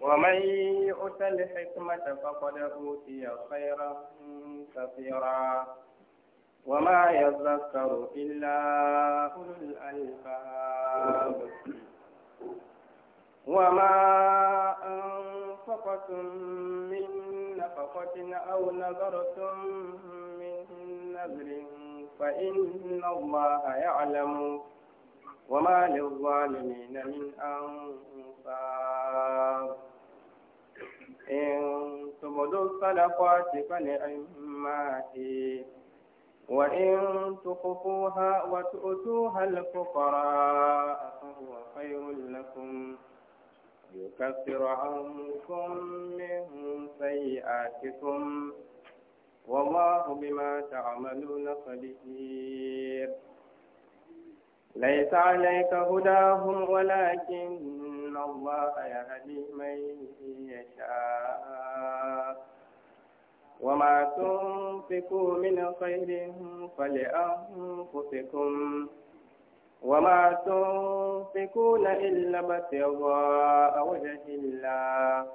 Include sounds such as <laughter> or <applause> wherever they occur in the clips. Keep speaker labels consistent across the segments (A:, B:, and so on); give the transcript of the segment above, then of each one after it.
A: ومن يؤت الحكمة فقد أوتي خيرا كثيرا وما يذكر إلا أولو الألباب وما أنفقتم من نفقة أو نذرتم من نذر فإن الله يعلم وما للظالمين من أنصار إن تبدوا الصدقات فنعمات وإن تخفوها وتؤتوها الفقراء فهو خير لكم يكفر عنكم من سيئاتكم والله بما تعملون خبير ليس عليك هداهم ولكن الله يهدي من يشاء وما تنفقوا من خير فلأنفسكم وما تنفقون إلا ابتغاء وجه الله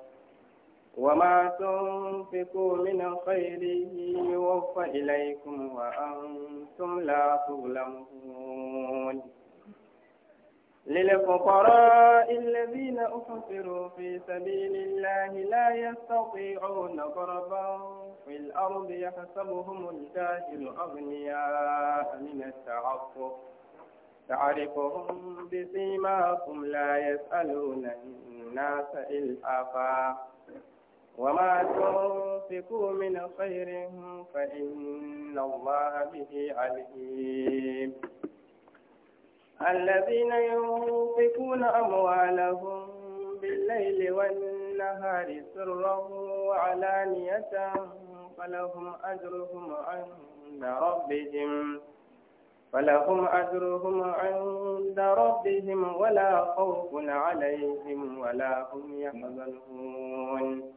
A: وما تنفقوا من خير يوفى إليكم وأنتم لا تظلمون للفقراء الذين أحصروا في سبيل الله لا يستطيعون ضربا في الأرض يحسبهم الجاهل أغنياء من التعفف تعرفهم بسيماكم لا يسألون الناس إلحافا وما تنفقوا من خير فإن الله به عليم الذين ينفقون أموالهم بالليل والنهار سرا وعلانية فلهم أجرهم عند ربهم فلهم أجرهم عند ربهم ولا خوف عليهم ولا هم يحزنون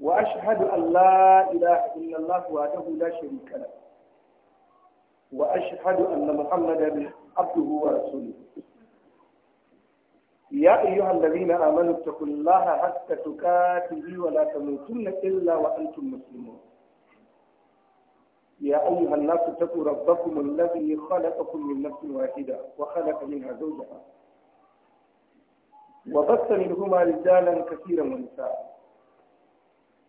B: wa ashhadu an la ilaha illallah wa tahu la sharika la wa ashhadu anna muhammadan abduhu wa rasuluhu ya ayyuha alladhina amanu taqullaha hatta tuqatih wa la tamutunna illa wa antum muslimun ya ayyuha an-nas taqu rabbakum alladhi khalaqakum min nafs wahida wa khalaqa minha zawjaha وبث منهما رجالا كثيرا ونساء من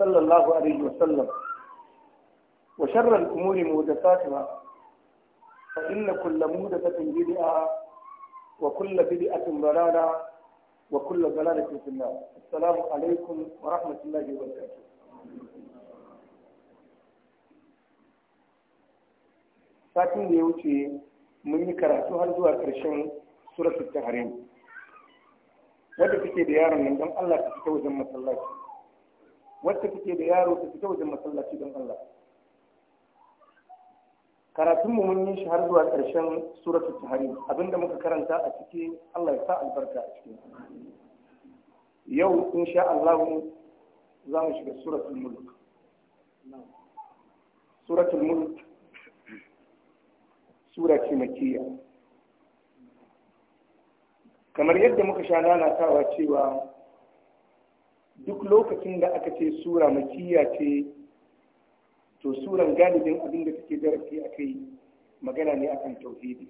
B: صلى الله عليه وسلم وشر الأمور مهدفاتها فإن كل مهدفة بدعة وكل بدعة ضلالة وكل ضلالة في النار السلام عليكم ورحمة الله وبركاته satin da ya wuce mun yi karatu har zuwa ƙarshen suratul tahrim wadda take da yaron nan don Allah ta fita wajen masallaci wacce take da yaro ta fita wajen masallaci don Allah karatun mu mun yi shi har zuwa ƙarshen suratul tahrim abinda muka karanta a ciki Allah ya sa albarka a cikin yau insha Allah za mu shiga suratul mulk suratul mulk sura ce makiyya kamar yadda muka sha nanatawa cewa duk lokacin da aka ce sura makiyya ce to suran galibin abin da take darasi a kai magana ne akan tauhidi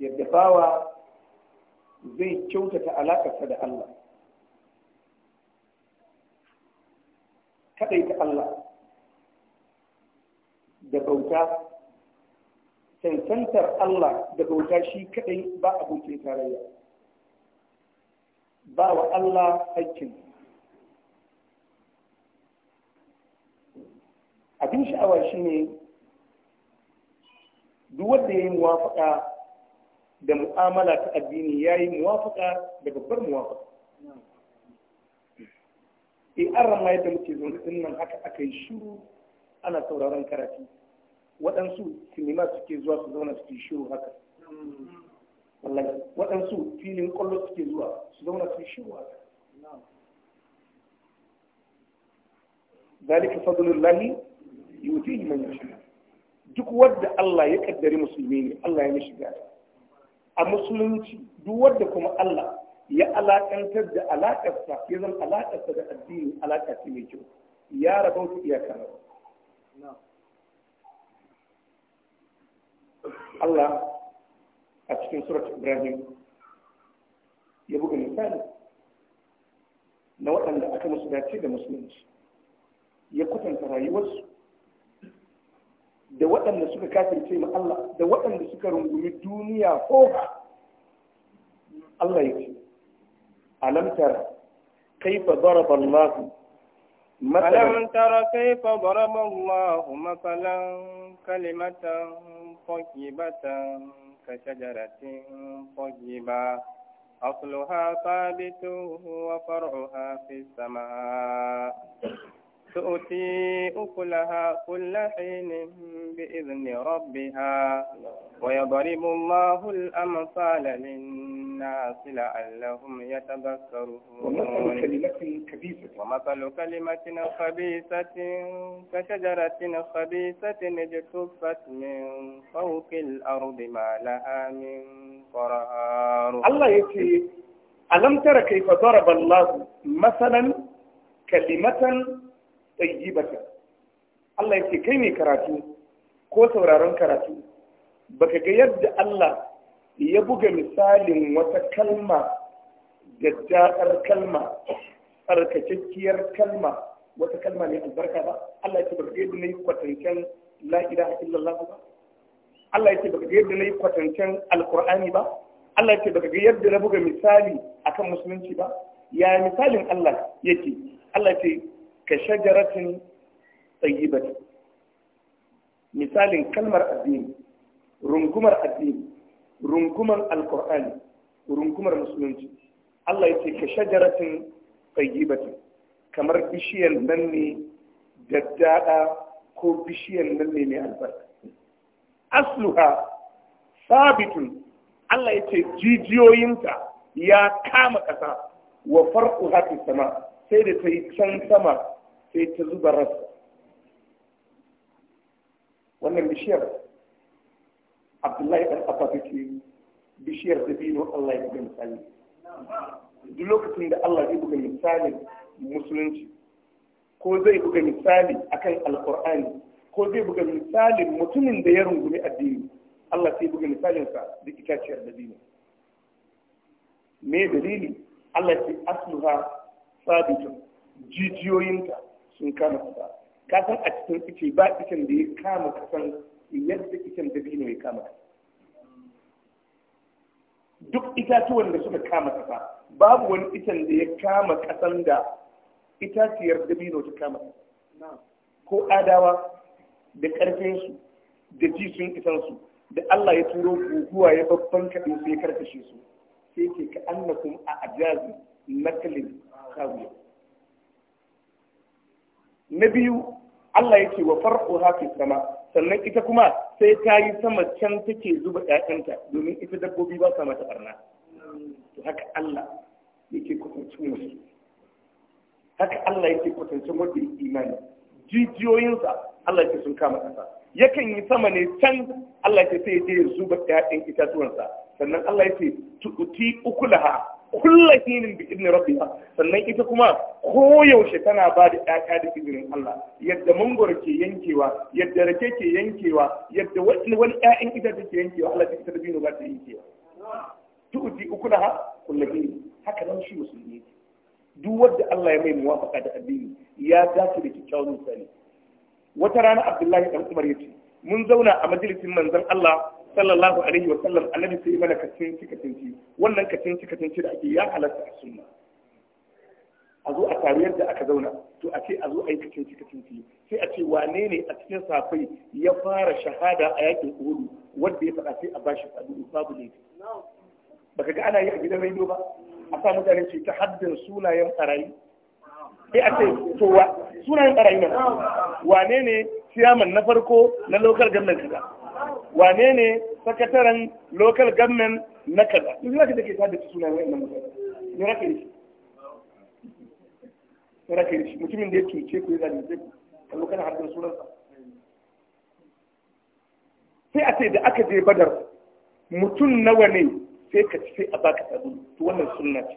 B: yadda bawa zai kyautata alakarsa da Allah kadai ta Allah da bauta cancantar Allah da bauta shi kadai ba abokin tarayya ba wa Allah haƙƙin abin sha'awa shine duk wanda ya yi muwafaƙa da mu'amala ta addini ya yi muwafaƙa da babbar muwafaƙa e eh, an rama yadda muke zaune nan haka aka yi shiru ana sauraron karatu waɗansu sinima suke zuwa su zauna su yi shiru haka wallahi waɗansu filin ƙwallo suke zuwa su zauna su shi wa zalika fadlullahi yutihi man yasha duk wadda Allah ya kaddari musulmi ne Allah ya mishi gata a musulunci duk wadda kuma Allah ya alakantar da alakarsa ya zama alakarsa da addini alaka ce mai kyau ya rabauta iyaka Allah a cikin surat ibrahim ya buga misali na waɗanda aka musu dace da musulunci ya kwatanta rayuwarsu da waɗanda suka kafirce ma Allah da waɗanda suka rungumi duniya ko Allah ya ce alam tara kaifa daraba Allah
C: alam
A: tara kaifa daraba Allah masalan kalimatan batan. كشجرة طيبة أصلها ثابت وفرعها في السماء تؤتي أكلها كل حين بإذن ربها ويضرب الله الأمثال للناس لعلهم يتذكرون ومثل كلمة خبيثة كشجرة خبيثة اجتفت من فوق الأرض ما لها من قرار الله
B: يكفي ألم تر كيف ضرب الله مثلا كلمة tsayyibata Allah ya ce kai ne karatu ko sauraron karatu baka ga yadda Allah ya buga misalin wata kalma daddadar kalma tsarkakakkiyar kalma wata kalma ne albarka ba Allah ya ce baka ga yadda na yi kwatancen la ilaha illallah ba Allah ya ce baka ga yadda na yi kwatancen alkur'ani ba Allah ya ce baka ga yadda na buga misali akan musulunci ba ya misalin Allah yake Allah ce ka shajaratin tsayyibati misalin kalmar addini rungumar addini runguman alkur'ani rungumar musulunci Allah ya ce ka shajaratin tsayyibati kamar bishiyar nan ne daddada ko bishiyar nan ne mai albarka asluha sabitun Allah ya ce jijiyoyinta ya kama ƙasa wa farko hafi sama sai da ta yi can sama sai ta zuba rasa wannan bishiyar abdullahi ɗan ke ce bishiyar da bino allah ya buga misali duk lokacin da allah ya buga misalin musulunci ko zai buga misali akan alkur'ani ko zai buga misalin mutumin da ya rungumi addini allah sai buga misalinsa da itaciyar da bino me dalili allah ce asluha sabitun jijiyoyinta sun kama kasa ka san a cikin ice ba icen da ya kama kasan yadda icen dabino ya kama kasa duk itatuwan da suka kama kasa babu wani icen da ya kama kasan da itaciyar dabino ta kama ko adawa da ƙarfinsu da ji sun isansu da Allah ya turo guguwa ya babban kaɗin su ya karkashe su sai ke ka annakum a ajazi nakalin kawiya na biyu Allah ya ce wa farko hafi sama sannan ita kuma sai ta yi sama can take zuba ɗakanta domin ita dabbobi ba sa mata barna to haka Allah yake kwatancin musu haka Allah yake kwatancin wanda ya imani jijiyoyinsa Allah yake sun kama ƙasa yakan yi sama ne can Allah yake sai ya zuba ya zuba ‘ya'yan itatuwansa sannan Allah yake tu'uti ukulaha kulla hinin bi idni rabbiha sannan ita kuma koyaushe tana ba da ƴaƴa da izinin Allah yadda mangoro ke yankewa yadda rake ke yankewa yadda wani ƴaƴan ita take yankewa Allah ta ita da bino ba ta yankewa uku da kullu hinin haka nan shi musulmi yake duk wanda Allah ya mai muwafaka da addini ya dace da kyakkyawan misali wata rana Abdullahi dan Umar yace mun zauna a majalisin manzon Allah sallallahu alaihi wa sallam annabi sai mana kacin kacinci wannan kacin kacinci da ake ya halatta a sunna a zo a taru yadda aka zauna to a ce a zo a yi kacin kacinci sai a ce wane ne a cikin safai ya fara shahada a yakin uhudu wanda ya faɗa sai a bashi sabu babu ne baka ga ana yi a gidan rediyo ba a sa mutane ce ta haddin sunayen barayi sai a ce to wa sunayen barayi ne? wane ne ciyaman na farko na lokar gannan kaza wane ne sakataren local government na kaza duk zaka take sa da suna wayannan mutum ne raka shi ne raka yi mutumin da ya cuce ku ya zalunce ku kallo kana sunan sunansa sai a ce da aka je badar mutum nawa ne sai ka ci sai a baka sabu to wannan sunna ce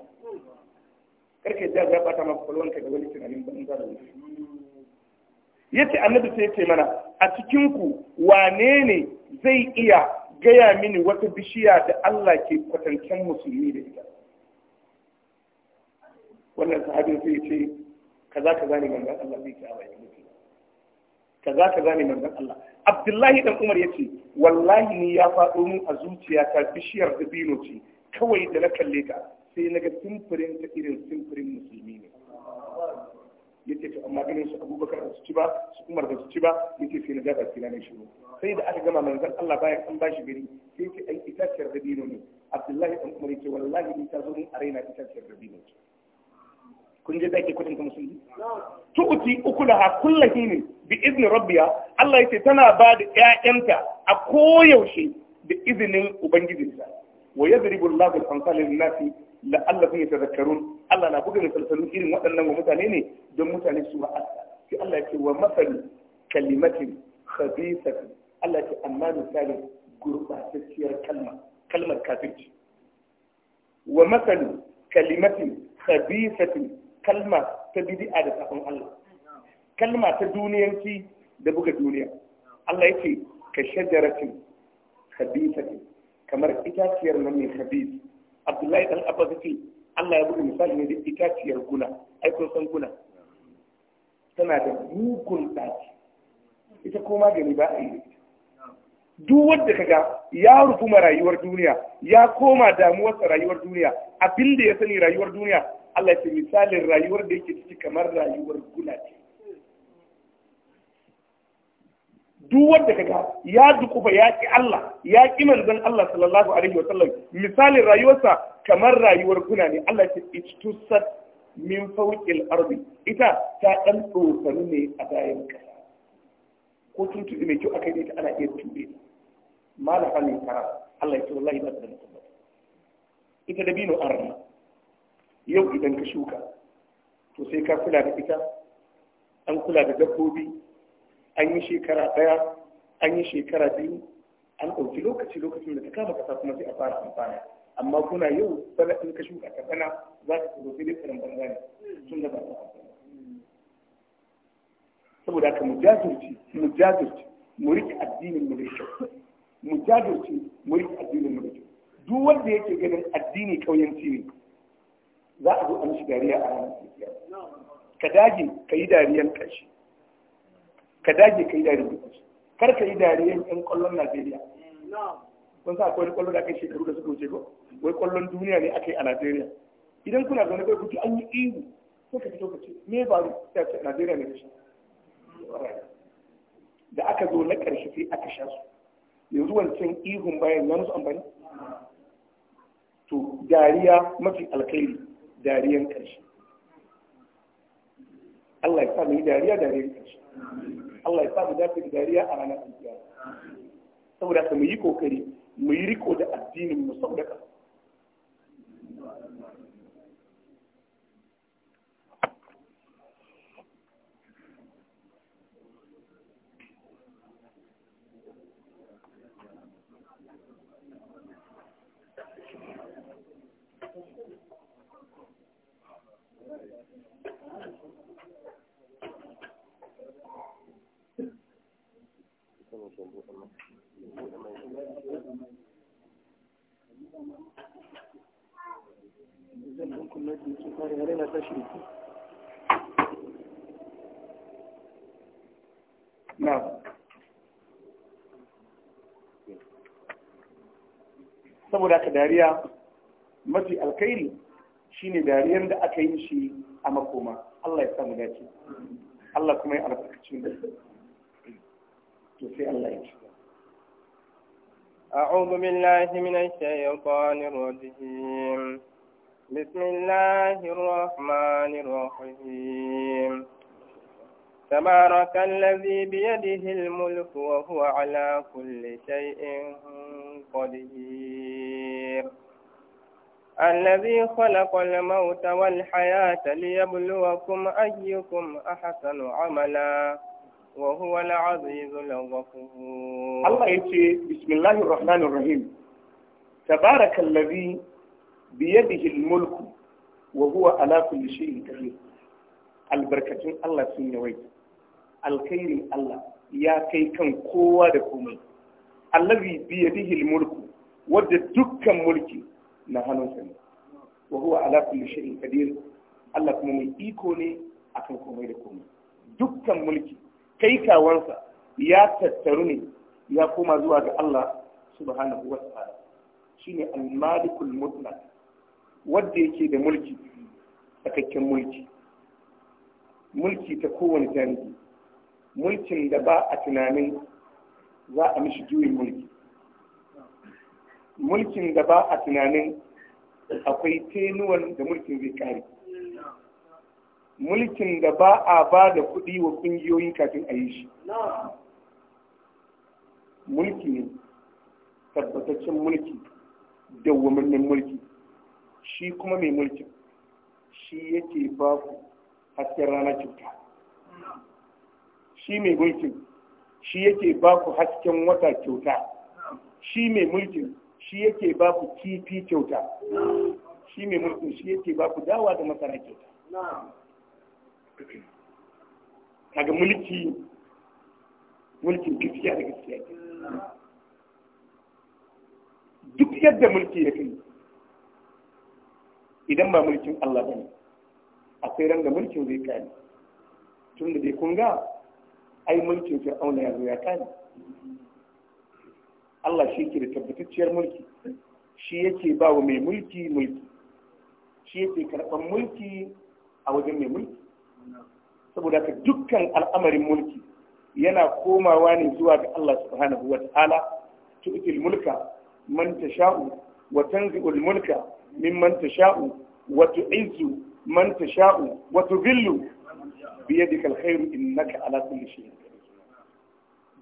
B: karka yadda ya ba ta maka kwalwanka da wani tunanin ban za da
C: wani
B: yace annabi sai ce mana a cikin ku wane ne zai iya gaya mini wata bishiya da Allah ke kwatancen musulmi da ita wannan sahabin sai ce kaza kaza gane manzon Allah zai ci awaye mutu kaza kaza gane manzon Allah Abdullahi dan Umar yace wallahi ni ya faɗo mu a zuciyata bishiyar dabino ce kawai da na kalle ta sai na ga simfirin ta irin simfirin musulmi ne yace to amma ganin su Abubakar ba su ci ba su Umar ba su ci ba yace sai na ga baki na shiru sai da aka gama manzon Allah bayan an bashi gari sai ki ai itaciyar da dabino ne Abdullahi dan Umar yake wallahi ni ta zo mun arena itaciyar dabino ce kun je dake kudin ta musulmi tu'ti ukulaha kullahinin bi izni rabbiya Allah yace tana ba da ƴaƴanta a koyaushe da izinin ubangijinsa wa yadribu Allahu al-amsala lin-nasi la'allakum yatadhakkarun Allah na buga misalsalun irin waɗannan wa mutane ne don mutane su wa'aza sai Allah ya ce wa masal kalimatin khabisatin Allah ya ce amma misalin gurbatacciyar kalma kalmar kafirci wa masal kalimatin khabisatin kalma ta bid'a da safan Allah kalma ta duniyanci da buga duniya Allah ya ce ka shajaratin khabisatin kamar itaciyar nan mai khabis abdullahi dan abbas Allah ya buɗe misali ne da itaciyar guna ai kun guna tana da mugun ɗaki ita ko magani ba a yi duk wanda ga, ya rufu ma rayuwar duniya ya koma damuwarsa rayuwar duniya abin da ya sani rayuwar duniya Allah ya ce misalin rayuwar da yake ciki kamar rayuwar guna ce duk wanda kaga ya dukufa ya ki Allah ya ki manzon Allah sallallahu alaihi wasallam misalin rayuwarsa kamar rayuwar kuna ne Allah ce itusat min fawqil ardi ita ta dan tsofani ne a bayan kasa ko tuntuɓe ne kyau akai ne ta ana iya tube malaka ne tara Allah ya ce wallahi ba da tabbata ita da binu arna yau idan ka shuka to sai ka kula da ita an kula da dabbobi an yi shekara ɗaya an yi shekara biyu an ɗauki lokaci lokacin da ta kama kasa kuma sai a fara amfana amma kuna yau bala in ka shuka ka bana za ka tsoro sai dai tsaron banza ne tun da ba ta saboda haka mu jajirce mu jajirce mu riƙe addinin mu da kyau mu jajirce mu riƙe addinin mu da kyau duk wanda yake ganin addini kauyanci ne za a zo a mishi dariya a ranar
C: kiyama
B: ka dage ka yi dariyan ƙarshe ka dage ka yi da rubutu kar ka yi dariyan ɗan ƙwallon Najeriya kun sa akwai kwallon da aka shekaru da suka wuce ko wai ƙwallon duniya ne aka yi a Najeriya idan kuna zaune kai kuke an yi ihu sai ka fito ka ce me ba ru ta ce Najeriya ne shi da aka zo na ƙarshe sai aka sha su yanzu wancan ihun bayan ya musu amfani to dariya mafi alkhairi dariyan ƙarshe. Allah ya dariya da rayuwar shi Allah ya dariya a ranar saboda ka mu yi kokari mu yi riko da addinin mu saboda ka saboda ka dariya mafi alkhairi shine dariyar da aka yi shi a makoma Allah ya samu dace Allah kuma ya albarkaci mu sai Allah ya ci
A: أعوذ بالله من الشيطان الرجيم بسم الله الرحمن الرحيم تبارك الذي بيده الملك وهو على كل شيء قدير الذي خلق الموت والحياة ليبلوكم أيكم أحسن عملاً wa huwa al-azizul ghafur Allah yace
B: bismillahir rahmanir rahim tabarakallazi biyadihi al-mulku wa huwa ala kulli shay'in qadir albarkatun Allah sun yawaita alkhairin Allah ya kai kan kowa da komai allazi biyadihi al-mulku wadda dukkan mulki na hannunsa wa huwa ala kulli shay'in Allah kuma mai iko ne akan komai da komai dukkan mulki kai kawansa ya tattaru ne ya koma zuwa ga Allah subhanahu wa ta'ala shine al-malikul mutlaq wanda yake da mulki sakakken mulki mulki ta kowane janibi mulkin da ba a tunanin za a mishi juyin mulki mulkin da ba a tunanin akwai tenuwan da mulkin zai kare mulkin da ba a ba da kuɗi wa ƙungiyoyi kafin a yi shi mulki ne tabbataccen mulki dawwamannin mulki shi kuma mai mulkin shi yake ba ku hasken rana kyauta shi mai mulkin shi yake ba ku hasken wata kyauta shi mai mulkin shi yake ba ku kifi kyauta shi mai mulkin shi yake ba ku dawa da masana
C: kyauta
B: kaga mulki mulkin gaskiya da gaskiya duk yadda mulki ya kai idan ba mulkin Allah ba ne sai ran da mulkin zai kare tun da dai kun ga ai mulkin auna ya zo ya kare Allah shi ke da tabbatacciyar mulki shi yake ba wa mai mulki mulki shi yake karɓar mulki a wajen mai mulki saboda ka dukkan al'amarin mulki yana komawa ne zuwa ga Allah subhanahu wa ta'ala tu'til mulka man tasha'u wa tanzi'ul mulka mimman tasha'u wa tu'izzu man tasha'u wa tudhillu bi yadika alkhairu innaka ala kulli shay'in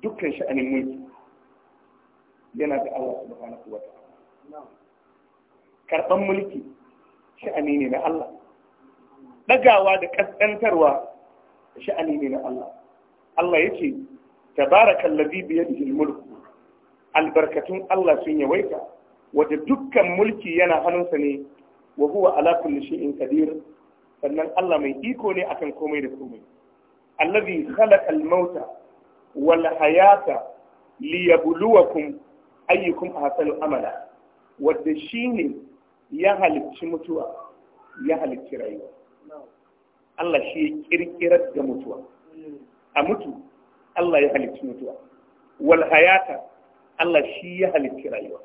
B: dukkan sha'anin mulki yana da Allah subhanahu wa
C: ta'ala
B: karban mulki sha'ani ne na Allah dagawa da kaskantarwa sha'ani ne na Allah Allah yace tabarakallazi bi yadihi almulk albarkatun Allah sun yawaita wanda dukkan mulki yana hannunsa ne wa huwa ala kulli shay'in sannan Allah mai iko ne akan komai da komai allazi khalaqa mauta wal hayata liyabluwakum ayyukum ahsanu amala wanda shine ya halicci mutuwa ya halicci rayuwa Allah shi ya kirkirar da mutuwa a mutu Allah ya halicci mutuwa wal hayata Allah shi ya halicci rayuwa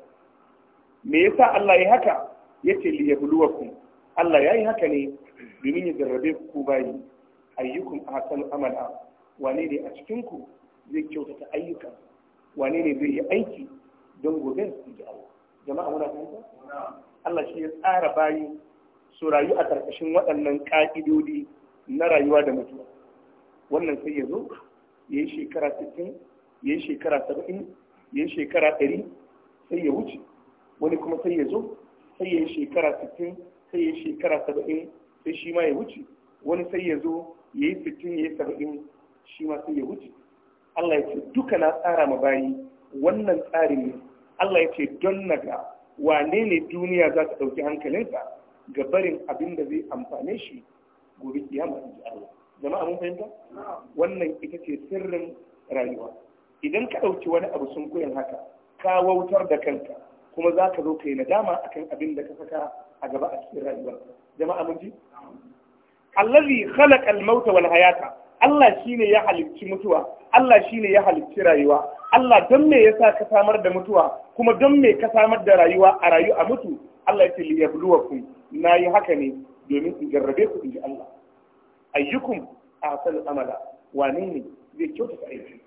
B: me yasa Allah ya haka yace li yabluwakum Allah yayi haka ne domin ya jarrabe ku bayi ayyukum ahsanu amala wane ne a cikin ku zai kyautata ayyuka? wane ne zai yi aiki don gobe su ji Allah jama'a muna fahimta Allah shi ya tsara bayi su rayu a ƙarƙashin waɗannan ƙa'idodi na rayuwa da mutu wannan sai ya zo ya yi shekara 60 ya yi shekara 70 ya yi shekara 100 sai ya wuce wani kuma sai ya zo sai ya yi shekara 60 sai ya yi shekara 70 sai shi ma ya wuce wani sai ya zo ya yi 60 ya yi 70 shi ma sai ya wuce Allah ya ce duka na tsara ma bayi wannan tsarin ne Allah ya ce don naga wane ne duniya za ta ɗauki hankalinsa ga barin abin da zai amfane shi gobe kiyama in ji Allah jama'a mun fahimta wannan ita ce sirrin rayuwa idan ka ɗauki wani abu sun koyan haka ka wautar da kanka kuma za ka zo ka yi nadama akan abin da ka saka a gaba a cikin rayuwa jama'a mun ji allazi khalaqa al-mauta wal hayata Allah shine ya halicci mutuwa Allah shine ya halicci rayuwa Allah don me yasa ka samar da mutuwa kuma don me ka samar da rayuwa a rayu a mutu Allah ya ce li yabluwakum nayi haka ne domin in jarrabe ku in ji Allah ayyukum asal amala wane ne zai kyautata aiki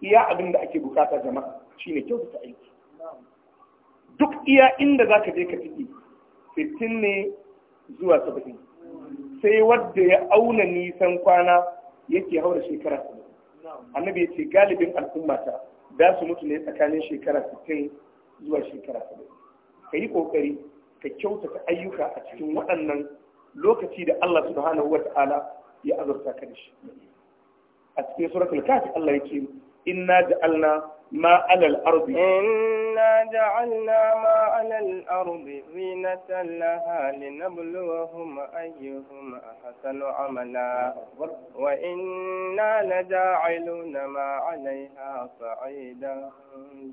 B: iya abin da ake bukata jama'a shine kyautata aiki duk iya inda za ka je ka tiki fitin ne zuwa saba'in sai wadda ya auna nisan kwana yake haura shekara saba'in annabi ya ce galibin al'ummata za su mutu ne tsakanin shekara sittin zuwa shekara saba'in ka yi ƙoƙari ka kyautata ayyuka a cikin waɗannan lokaci da Allah subhanahu wa ta'ala ya azurta ka da shi a cikin suratul kafi Allah yake inna ja'alna ma 'alal ardi
A: inna ja'alna ma 'alal ardi zinatan laha linabluwahum ayyuhum ahsanu amala wa inna laja'aluna ma 'alayha sa'idan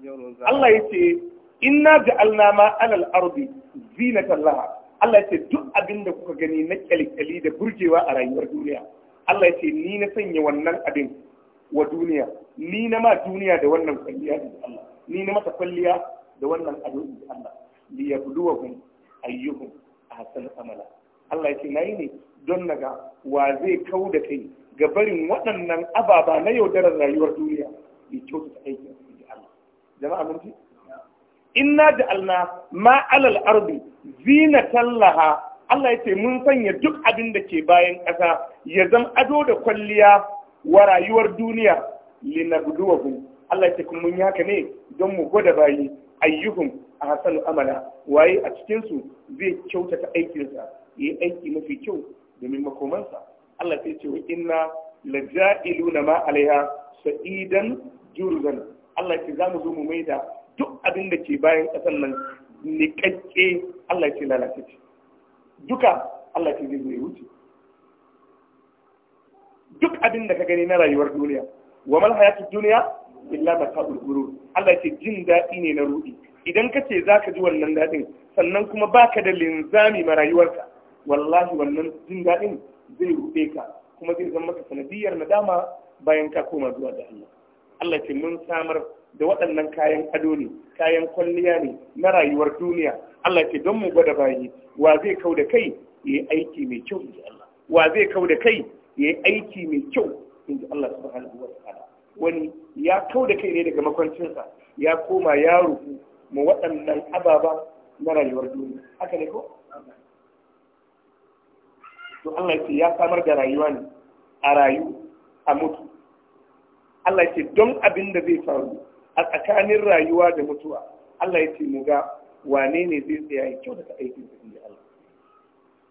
A: jurza Allah
B: yake inna ja'alna ma 'alal ardi zinatan laha Allah ya ce duk abin da kuka gani na kyalikyali da burgewa a rayuwar duniya Allah ya ce ni na sanya wannan abin wa duniya ni na ma duniya da wannan kwalliya da Allah ni na mata kwalliya da wannan abin da Allah li ayyuhun a ahsanu amala Allah ya ce na yi ne don naga wa zai kau da kai ga barin waɗannan ababa na yaudarar rayuwar duniya ya kyautata aikin da Allah jama'a mun ji inna ja'alna ma alal ardi zina tallaha Allah ya ce mun sanya duk abin da ke bayan ƙasa ya zama ado da kwalliya wa rayuwar duniya linabduwahum Allah ya ce kun mun yaka ne don mu gwada bayi ayyuhum ahsanu amala waye a cikinsu zai kyautata aikinsa Ya yi aiki mafi kyau domin makomansa Allah ya ce wa inna laja'iluna ma alaiha sa'idan jurgan Allah ya ce za mu zo mu maida duk abin da ke bayan ƙasar nan niƙaƙƙe Allah ce lalatacce duka Allah ce zai wuce duk abin da ka gani na rayuwar duniya wa mal duniya illa mata'ul ghurur Allah ce jin daɗi ne na rudi idan ka ce zaka ji wannan daɗin sannan kuma baka da linzami ma rayuwarka wallahi wannan jin daɗin zai ruɗe ka kuma zai zama maka sanadiyar nadama bayan ka koma zuwa da Allah Allah ce mun samar da waɗannan kayan ado ne kayan kwalliya ne na rayuwar duniya Allah ce don mu gwada bayi wa zai kau da kai ya yi aiki mai kyau inji Allah wa zai kau da kai ya yi aiki mai kyau inji Allah subhanahu wa ta'ala wani ya kau da kai ne daga makwancinsa ya koma ya rufu mu waɗannan ababa na rayuwar duniya haka ne ko to Allah ce ya samar da rayuwa ne a rayu a mutu Allah ce don abin da zai faru a tsakanin rayuwa da mutuwa Allah ya ce mu ga wane ne zai tsaya ya kyau daga aikin inda Allah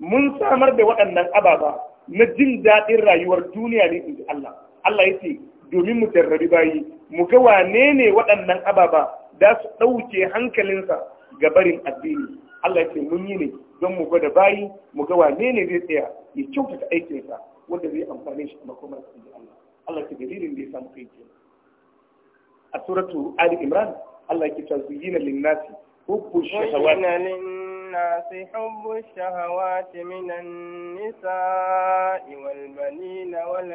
B: mun samar da waɗannan ababa na jin daɗin rayuwar duniya ne inda Allah Allah ya ce domin mu jarrabi bayi mu ga wane ne waɗannan ababa da su ɗauke hankalinsa ga barin addini Allah ya ce mun yi ne don mu gwada bayi mu ga wane ne zai tsaya ya kyautata aikinsa wanda zai amfane shi a makomar Allah Allah ya ce dalilin da ya samu kai kenan a suratu Ali Imran Allah ke ta zuyina linnasi hubbu
A: shahawati linnasi minan nisa'i wal banina wal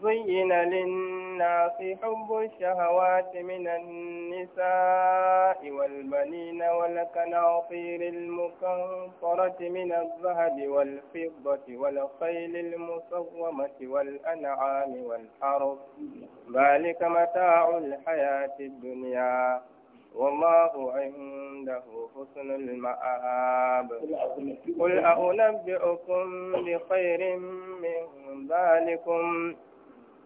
A: زين للناس حب الشهوات من النساء والبنين والقناطير المقنطرة من الذهب والفضة والخيل المصومة والأنعام والحرث ذلك متاع الحياة الدنيا والله عنده حسن المآب قل أنبئكم بخير من ذلكم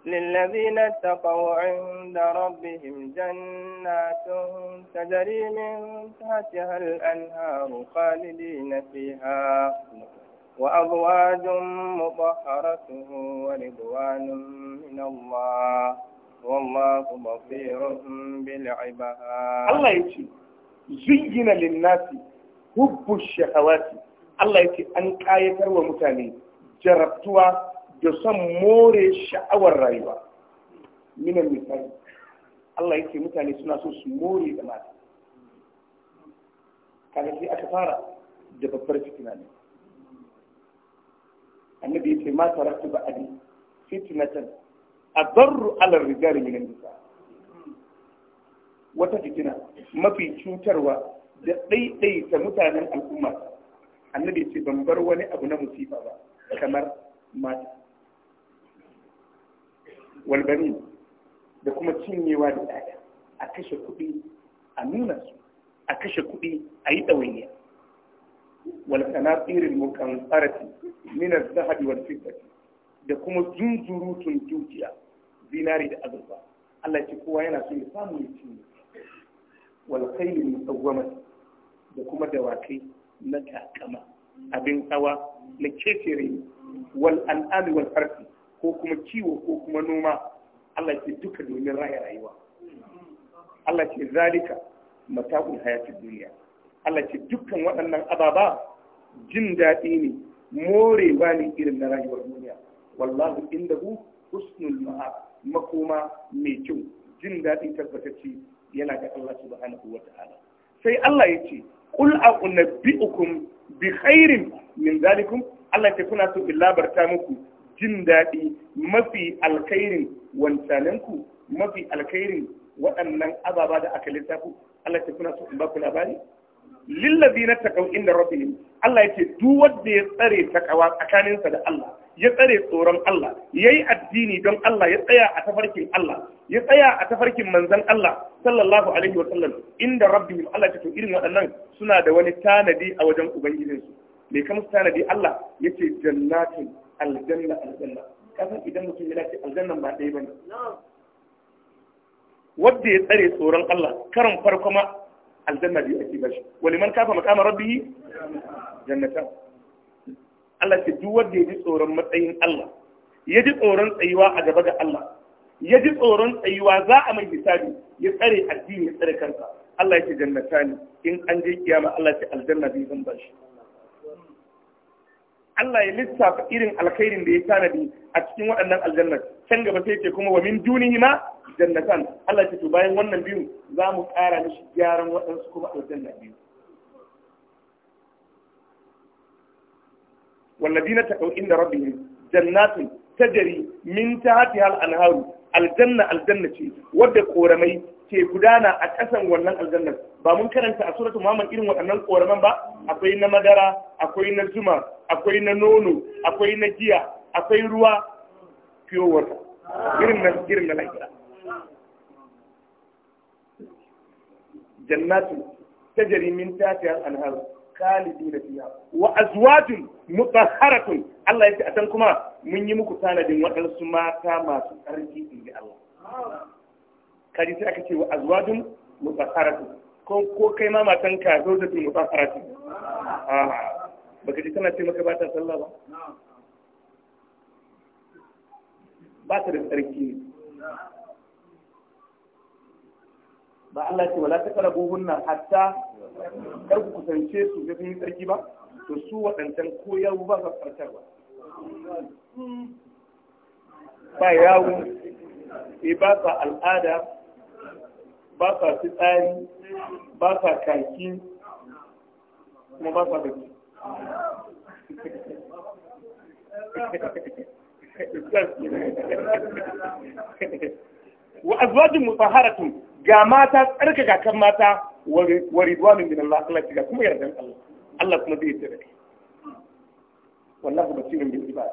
A: للذين اتقوا عند ربهم جنات تجري من تحتها الأنهار خالدين فيها وأزواج مطهرة ورضوان من الله والله بصير بالعباد الله
B: يجي زين للناس حب الشهوات الله يجي أن كايتر ومتاني جربتها da son more sha'awar rayuwa minan misali Allah yake mutane suna so su more da mata kaga sai aka fara da babbar fitina ne annabi yace ma taraktu ba adi fitnatan adarru ala rijali min nisa wata fitina mafi cutarwa da ɗaiɗaita mutanen al'umma annabi ce ban bar wani abu na musifa ba kamar mata walbani da kuma cinyewa da ɗaya a kashe kuɗi a nuna su a kashe kuɗi a yi ɗawainiya والقناطير المقنطرة من الذهب fitar da kuma zunzurutun dukiya zinari da azurfa Allah ce kowa yana so ya samu ya ci wal khayl musawwama da kuma dawakai na takama abin tsawa na kecere wal an'ami wal farsi ko kuma kiwo ko kuma noma Allah ce duka domin raya rayuwa Allah ce zalika mata'ul hayatid duniya Allah ce dukkan waɗannan ababa jin daɗi ne ba ne irin na rayuwar duniya wallahu inda husnul ma'a makoma mai kyau jin daɗi tabbatacce yana ga Allah subhanahu wa ta'ala sai Allah ya ce qul a'unabbi'ukum bi khairin min zalikum Allah ya kuna so in labarta muku jin daɗi mafi alkhairin wancananku mafi alkhairin waɗannan ababa da aka lissafu Allah ce kuna so in ba ku labari lillazi na takau inda rabbihim Allah ya ce duk wanda ya tsare takawa tsakaninsa da Allah ya tsare tsoron Allah ya yi addini don Allah ya tsaya a tafarkin Allah ya tsaya a tafarkin manzan Allah sallallahu alaihi wa sallam inda rabbihim Allah ya ce irin waɗannan suna da wani tanadi a wajen ubangijinsu me kamar tanadi Allah ya ce jannatin aljanna aljanna kasan idan mutum ya dace aljannan ba ɗaya ba ne. Wadda ya tsare tsoron Allah karan farko ma aljanna biyu ake bashi Wani man kafa makama rabbi? jannatan Allah ce duk wanda ya ji tsoron matsayin Allah ya ji tsoron tsayuwa a gaba ga Allah ya ji tsoron tsayuwa za a mai hisabi ya tsare addini ya tsare kansa Allah ya ce jannata ne in an je kiyama Allah ce aljanna biyu zan bashi Allah ya lissafa irin alkhairin da ya tanadi a cikin waɗannan aljannar can gaba sai ce kuma wa min dunihima jannatan Allah ya ce to bayan wannan biyu za mu ƙara mishi gyaran waɗansu kuma aljanna biyu والذين تقوا عند ربهم جنات تجري من تحتها الانهار aljanna aljanna ce wadda koramai ke gudana a ƙasan wannan aljannar ba mun karanta a suratul muhammad irin waɗannan koraman ba akwai na madara akwai na zuma akwai na nono akwai na jiya, akwai ruwa fiye wata irin na irin na lahira jannatu jari min tafiya al-anhar da fiha wa azwajun mutahharatun Allah yake atan kuma mun yi muku tanadin waɗansu mata masu tsarki inji Allah kaji sai aka ce wa azwajun mutahharatun ko kai ma matan ka zo da mutahharatun baka ji tana ce maka ba ta sallah ba ba ta da tsarki ba Allah ce wala takara buhunna hatta kar ku kusance su ga sun yi tsarki ba to su waɗancan ko yawo ba ka farkar ba ba yawo e eh, ba sa al'ada ba sa fitsari ba sa kaki kuma ba sa bacci wa azwajin mutaharatun ga mata tsarka kan mata wa ridwanun min Allah Allah ya kuma yardan Allah Allah kuma zai yarda kai wallahi basirin bil ibad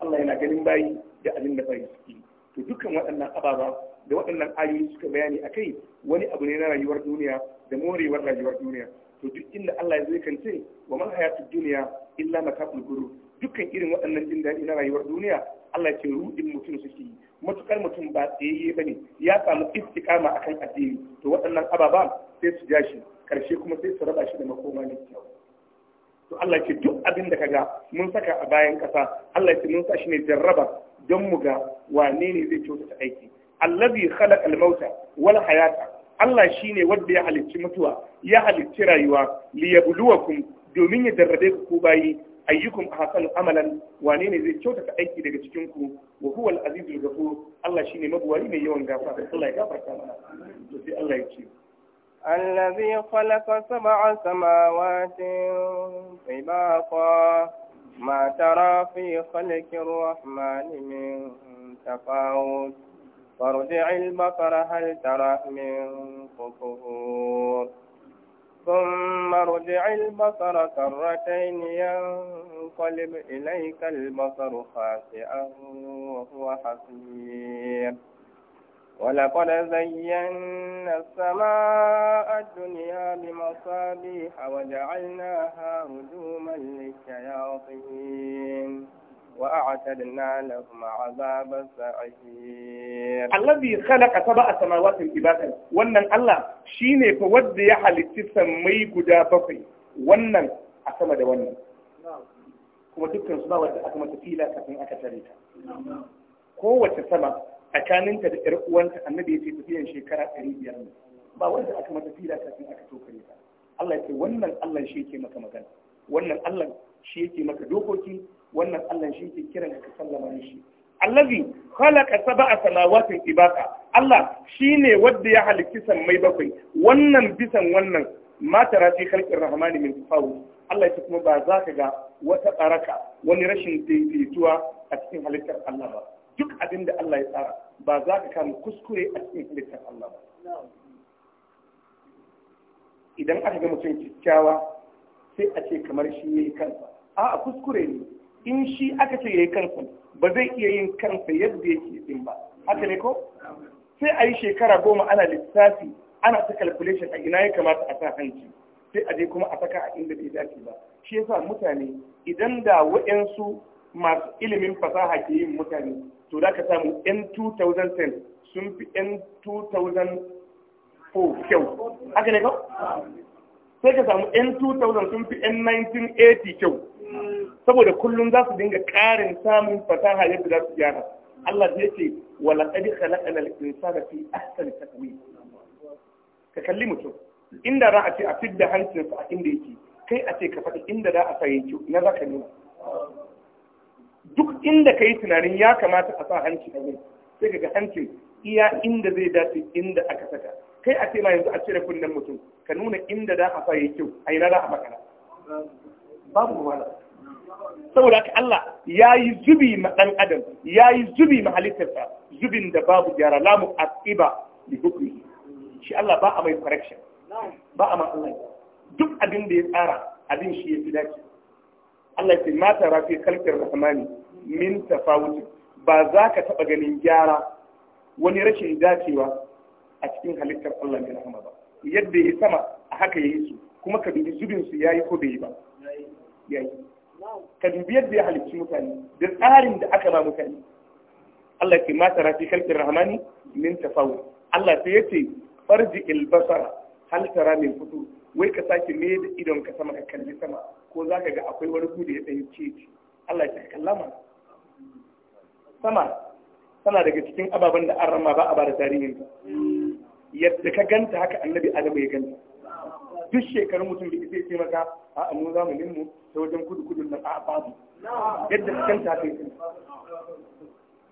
B: Allah yana ganin bayi da abin da bai ciki to dukkan waɗannan ababa da waɗannan ayoyi suka bayani akai wani abu ne na rayuwar duniya da morewar rayuwar duniya to duk inda Allah ya zai kan ce wa man hayatud duniya illa mata'ul ghurur dukkan irin waɗannan jin daɗi na rayuwar duniya Allah ce ruɗin mutum suke yi matukar mutum ba tsayayye ne, ya samu istiqama akan addini to waɗannan ababa sai su ja shi karshe kuma sai su raba shi da makoma ne kyau to Allah ce duk abin da kaga mun saka a bayan ƙasa Allah ce mun sa shi ne jarraba don mu ga wane ne zai kyautata aiki allazi khalaqa al-mauta wal hayata Allah shi ne wanda ya halicci mutuwa ya halicci rayuwa liyabluwakum domin ya darrabe ku bayi ayyukum hasan amalan wane ne zai kyautata aiki daga cikin ku wa huwa al-azizul ghafur Allah shine mabuwari mai yawan gafa Allah ya gafarta mana to sai Allah ya ce
A: الذي خلق سبع سماوات طباقا ما ترى في خلق الرحمن من تفاوت فارجع البصر هل ترى من فطور ثم ارجع البصر كرتين ينقلب إليك البصر خاسئا وهو حسير ولقد زينا السماء الدنيا بمصابيح وجعلناها رجوما للشياطين وأعتدنا لهم عذاب
B: السعير الذي خلق سبع سماوات إباقا wannan Allah shine fa wanda ya halitti sammai guda bakwai wannan a sama da wannan kuma dukkan su ba wanda aka mata fila kafin aka tare ta kowace sama tsakaninta da ƴar uwanta annabi ya ce shekara ba wanda aka mata fila kafin aka tokare ta Allah ya ce wannan Allah shi yake maka magana wannan Allah shi yake maka dokoki wannan Allah shi ke kiran ka sallama shi allazi khalaqa sab'a samawati tibaqa Allah shine wanda ya halicci mai bakwai wannan bisan wannan mata tara fi khalqir rahmani min tafawut Allah ya kuma ba za ka ga wata tsaraka wani rashin daidaituwa a cikin halittar Allah ba duk abin da Allah ya tsara ba za ka kama kuskure a cikin halittar Allah ba idan aka ga mutum kyakkyawa sai a ce kamar shi yayi kansa a'a kuskure ne in shi aka ce ya yi kansa ba zai iya yin kansa yadda yake din ba haka ne ko sai a yi shekara goma ana lissafi ana ta calculation a ina ya kamata a sa hanci sai a je kuma a saka a inda bai dace ba shi yasa mutane idan da waɗansu masu ilimin fasaha ke yin mutane to da ka samu yan 2010 sun fi yan 2004 kyau haka ne ko sai ka samu yan 2000 sun fi yan 1980 kyau saboda kullum za su dinga ƙarin samun fasaha yadda za su gyara Allah ya ce wa laqad khalaqna al-insana fi ahsani taqwim ka kalli mutum inda za a ce a fidda hancinsa a inda yake kai a ce ka faɗi inda za a sa yake na za ka nuna duk inda ka yi tunanin ya kamata a sa hanci a wurin sai ka ga hancin iya inda zai dace inda aka saka kai a ce ma yanzu a cire kunnen mutum ka nuna inda za a sa yake kyau a na za a makara babu wala saboda haka Allah ya yi zubi ma ɗan adam ya yi zubi ma halittarsa zubin da babu gyara lamu aqiba li hukmi shi Allah ba a mai correction ba a ma Allah duk abin da ya tsara abin shi ya fi dace Allah ya ce mata tara fi kalkar rahmani min tafawuti ba za ka taɓa ganin gyara wani rashin dacewa a cikin halittar Allah mai rahama ba yadda ya sama a haka ya yi su kuma ka dubi zubinsu ya yi ko bai yi ba yayi ka dubi yadda ya halicci mutane da tsarin da aka ba mutane Allah ke mata rafi kalkin rahmani min tafawu Allah sai ya ce farji ilbasara hal tara min wai ka sake me da idon ka sama ka kalli sama ko za ka ga akwai wani gudu ya ɗan ce Allah ya kalla kallama sama tana daga cikin ababen da an rama ba a ba da tarihin yadda ka ganta haka annabi adamu ya ganta duk shekarun mutum da zai ce maka a mu zamanin mu ta wajen kudu kudu nan a babu yadda su kanta kai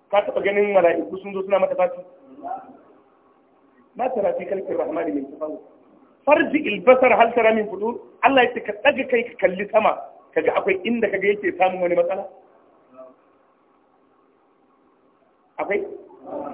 B: ka taɓa ganin mala'iku sun zo suna mata fati ma tara fi kalkin rahmani min tafawu farji ilbasar hal tara min fudur Allah ya ce ka ɗaga kai ka kalli sama Ka kaga akwai inda ka kaga yake samun wani matsala akwai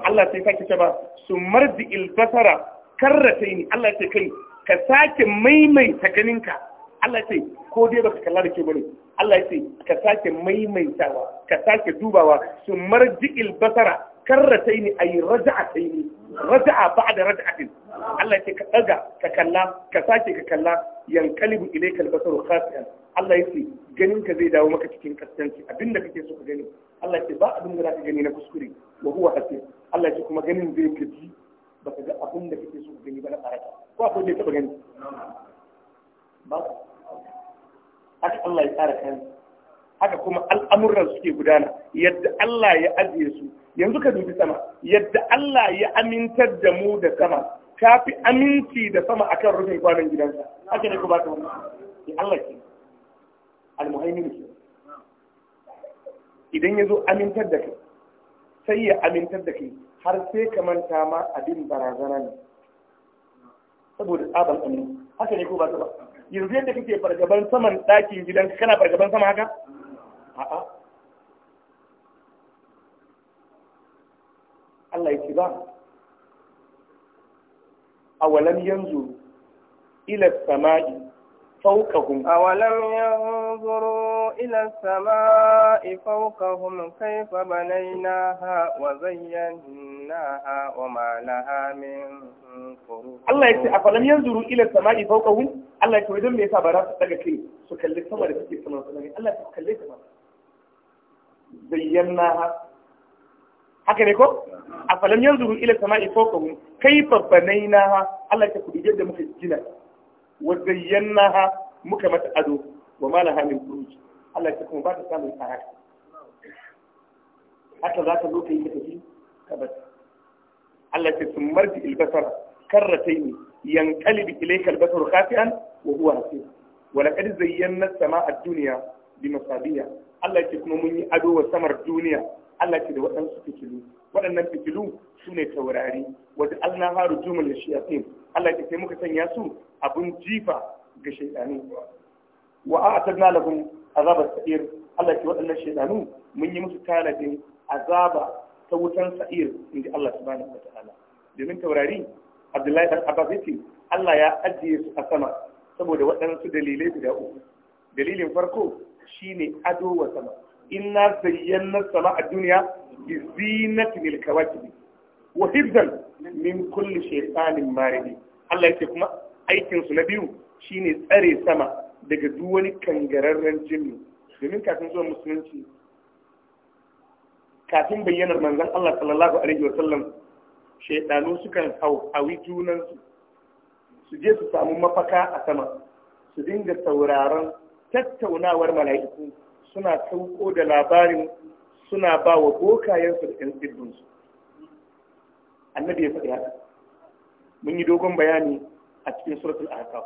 B: Allah ya sai sake ce ba su marji ilbasara karratai ni Allah ya ce kai ka sake maimaita ganinka Allah ce ko dai baka kalla da ke bane Allah ya ce ka sake maimaitawa ka sake dubawa su marji'il basara karrataini ay raja'ataini raja'a ba'da raja'atin Allah ya ce ka daga ka kalla ka sake ka kalla yankalibu ilaykal basaru khasi'an Allah ya ce ganinka zai dawo maka cikin kaskanci abinda kake so ka gani Allah ya ce ba abin da zaka gani na kuskure wa huwa hasib Allah ya ce kuma ganin zai kaji baka ga abin da kake so ka gani ba na baraka ko akwai da taba gani ba haka Allah ya tsara kan haka kuma al'amuran suke gudana yadda Allah ya ajiye su yanzu ka dubi sama yadda Allah ya amintar da mu da sama ka fi aminci da sama akan rufin kwanan gidansa haka ne ku ba ta wani ya Allah ke almuhaimin ke idan ya zo amintar da kai sai ya amintar da kai har sai ka manta ma abin barazana ne saboda tsaban tsani haka ne ko ba ba yanzu yadda kake fargaban saman ɗakin gidan kana fargaban sama haka a'a Allah ya ce ba a walan yanzu ila sama'i فوقهم أولم
A: ينظروا إلى السماء فوقهم كيف بنيناها وزيناها وما لها من فروج الله يكفي
B: أفلم ينظروا إلى السماء فوقهم الله يكفي ودم يسا براس تلقي سكلي السماء لتكي السماء السماء الله يكفي كلي السماء زيناها haka ne ko a falam yanzu ila sama'i fawqahum kayfa banaynaha Allah ya kudi yadda muka gina wa zayyanaha muka mata ado wa ma laha min furuj Allah ya kuma ba ta samun tsara haka za ka zo ka yi ka tafi ka bar Allah ya sun marji albasar karrataini yankalibi ilayka albasaru khafi'an wa huwa hasib wa laqad zayyana as-sama'a ad-dunya bi masabiya Allah ya kuma mun yi ado wa samar duniya Allah ya da waɗansu fitilu waɗannan fitilu su ne taurari wadda allah haru jumal da shiyafin allah ya sai muka sanya su abun jifa ga shaidanu wa a atarna lahum azabar sa'ir allah ya waɗannan shaidanu mun yi musu tanadin azaba ta wutan sa'ir inda allah subhanahu wa ta'ala domin taurari abdullahi dan abbas allah ya ajiye su a sama saboda waɗansu dalilai guda uku dalilin farko shine ado wa sama inna zayyana sama a duniya bi zinatin alkawakibi wa hifzan min kulli shaytanin maridi Allah yake kuma aikinsu na biyu shine tsare sama daga duk wani kangararren jinni domin kafin zuwa musulunci kafin bayyanar manzon Allah sallallahu alaihi wasallam shaydanu sukan hawi junansu su je su samu mafaka a sama su dinga sauraron tattaunawar mala'iku suna sauko da labarin suna ba wa bokayensu da 'yan tsibbinsu annabi ya faɗi haka mun yi dogon bayani a cikin suratul ahqaf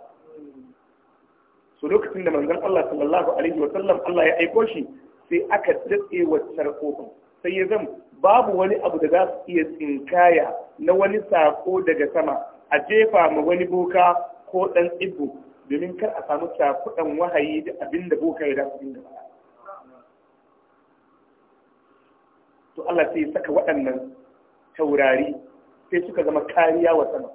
B: so lokacin da manzon Allah sallallahu alaihi wa sallam Allah ya aiko shi sai aka datse waccar kofin sai ya zama babu wani abu da za su iya tsinkaya na wani sako daga sama a jefa ma wani boka ko dan ibu domin kar a samu cakudan wahayi da abin da boka ya dafa dinga faɗa to Allah sai ya saka waɗannan taurari sai suka zama kariya wa sama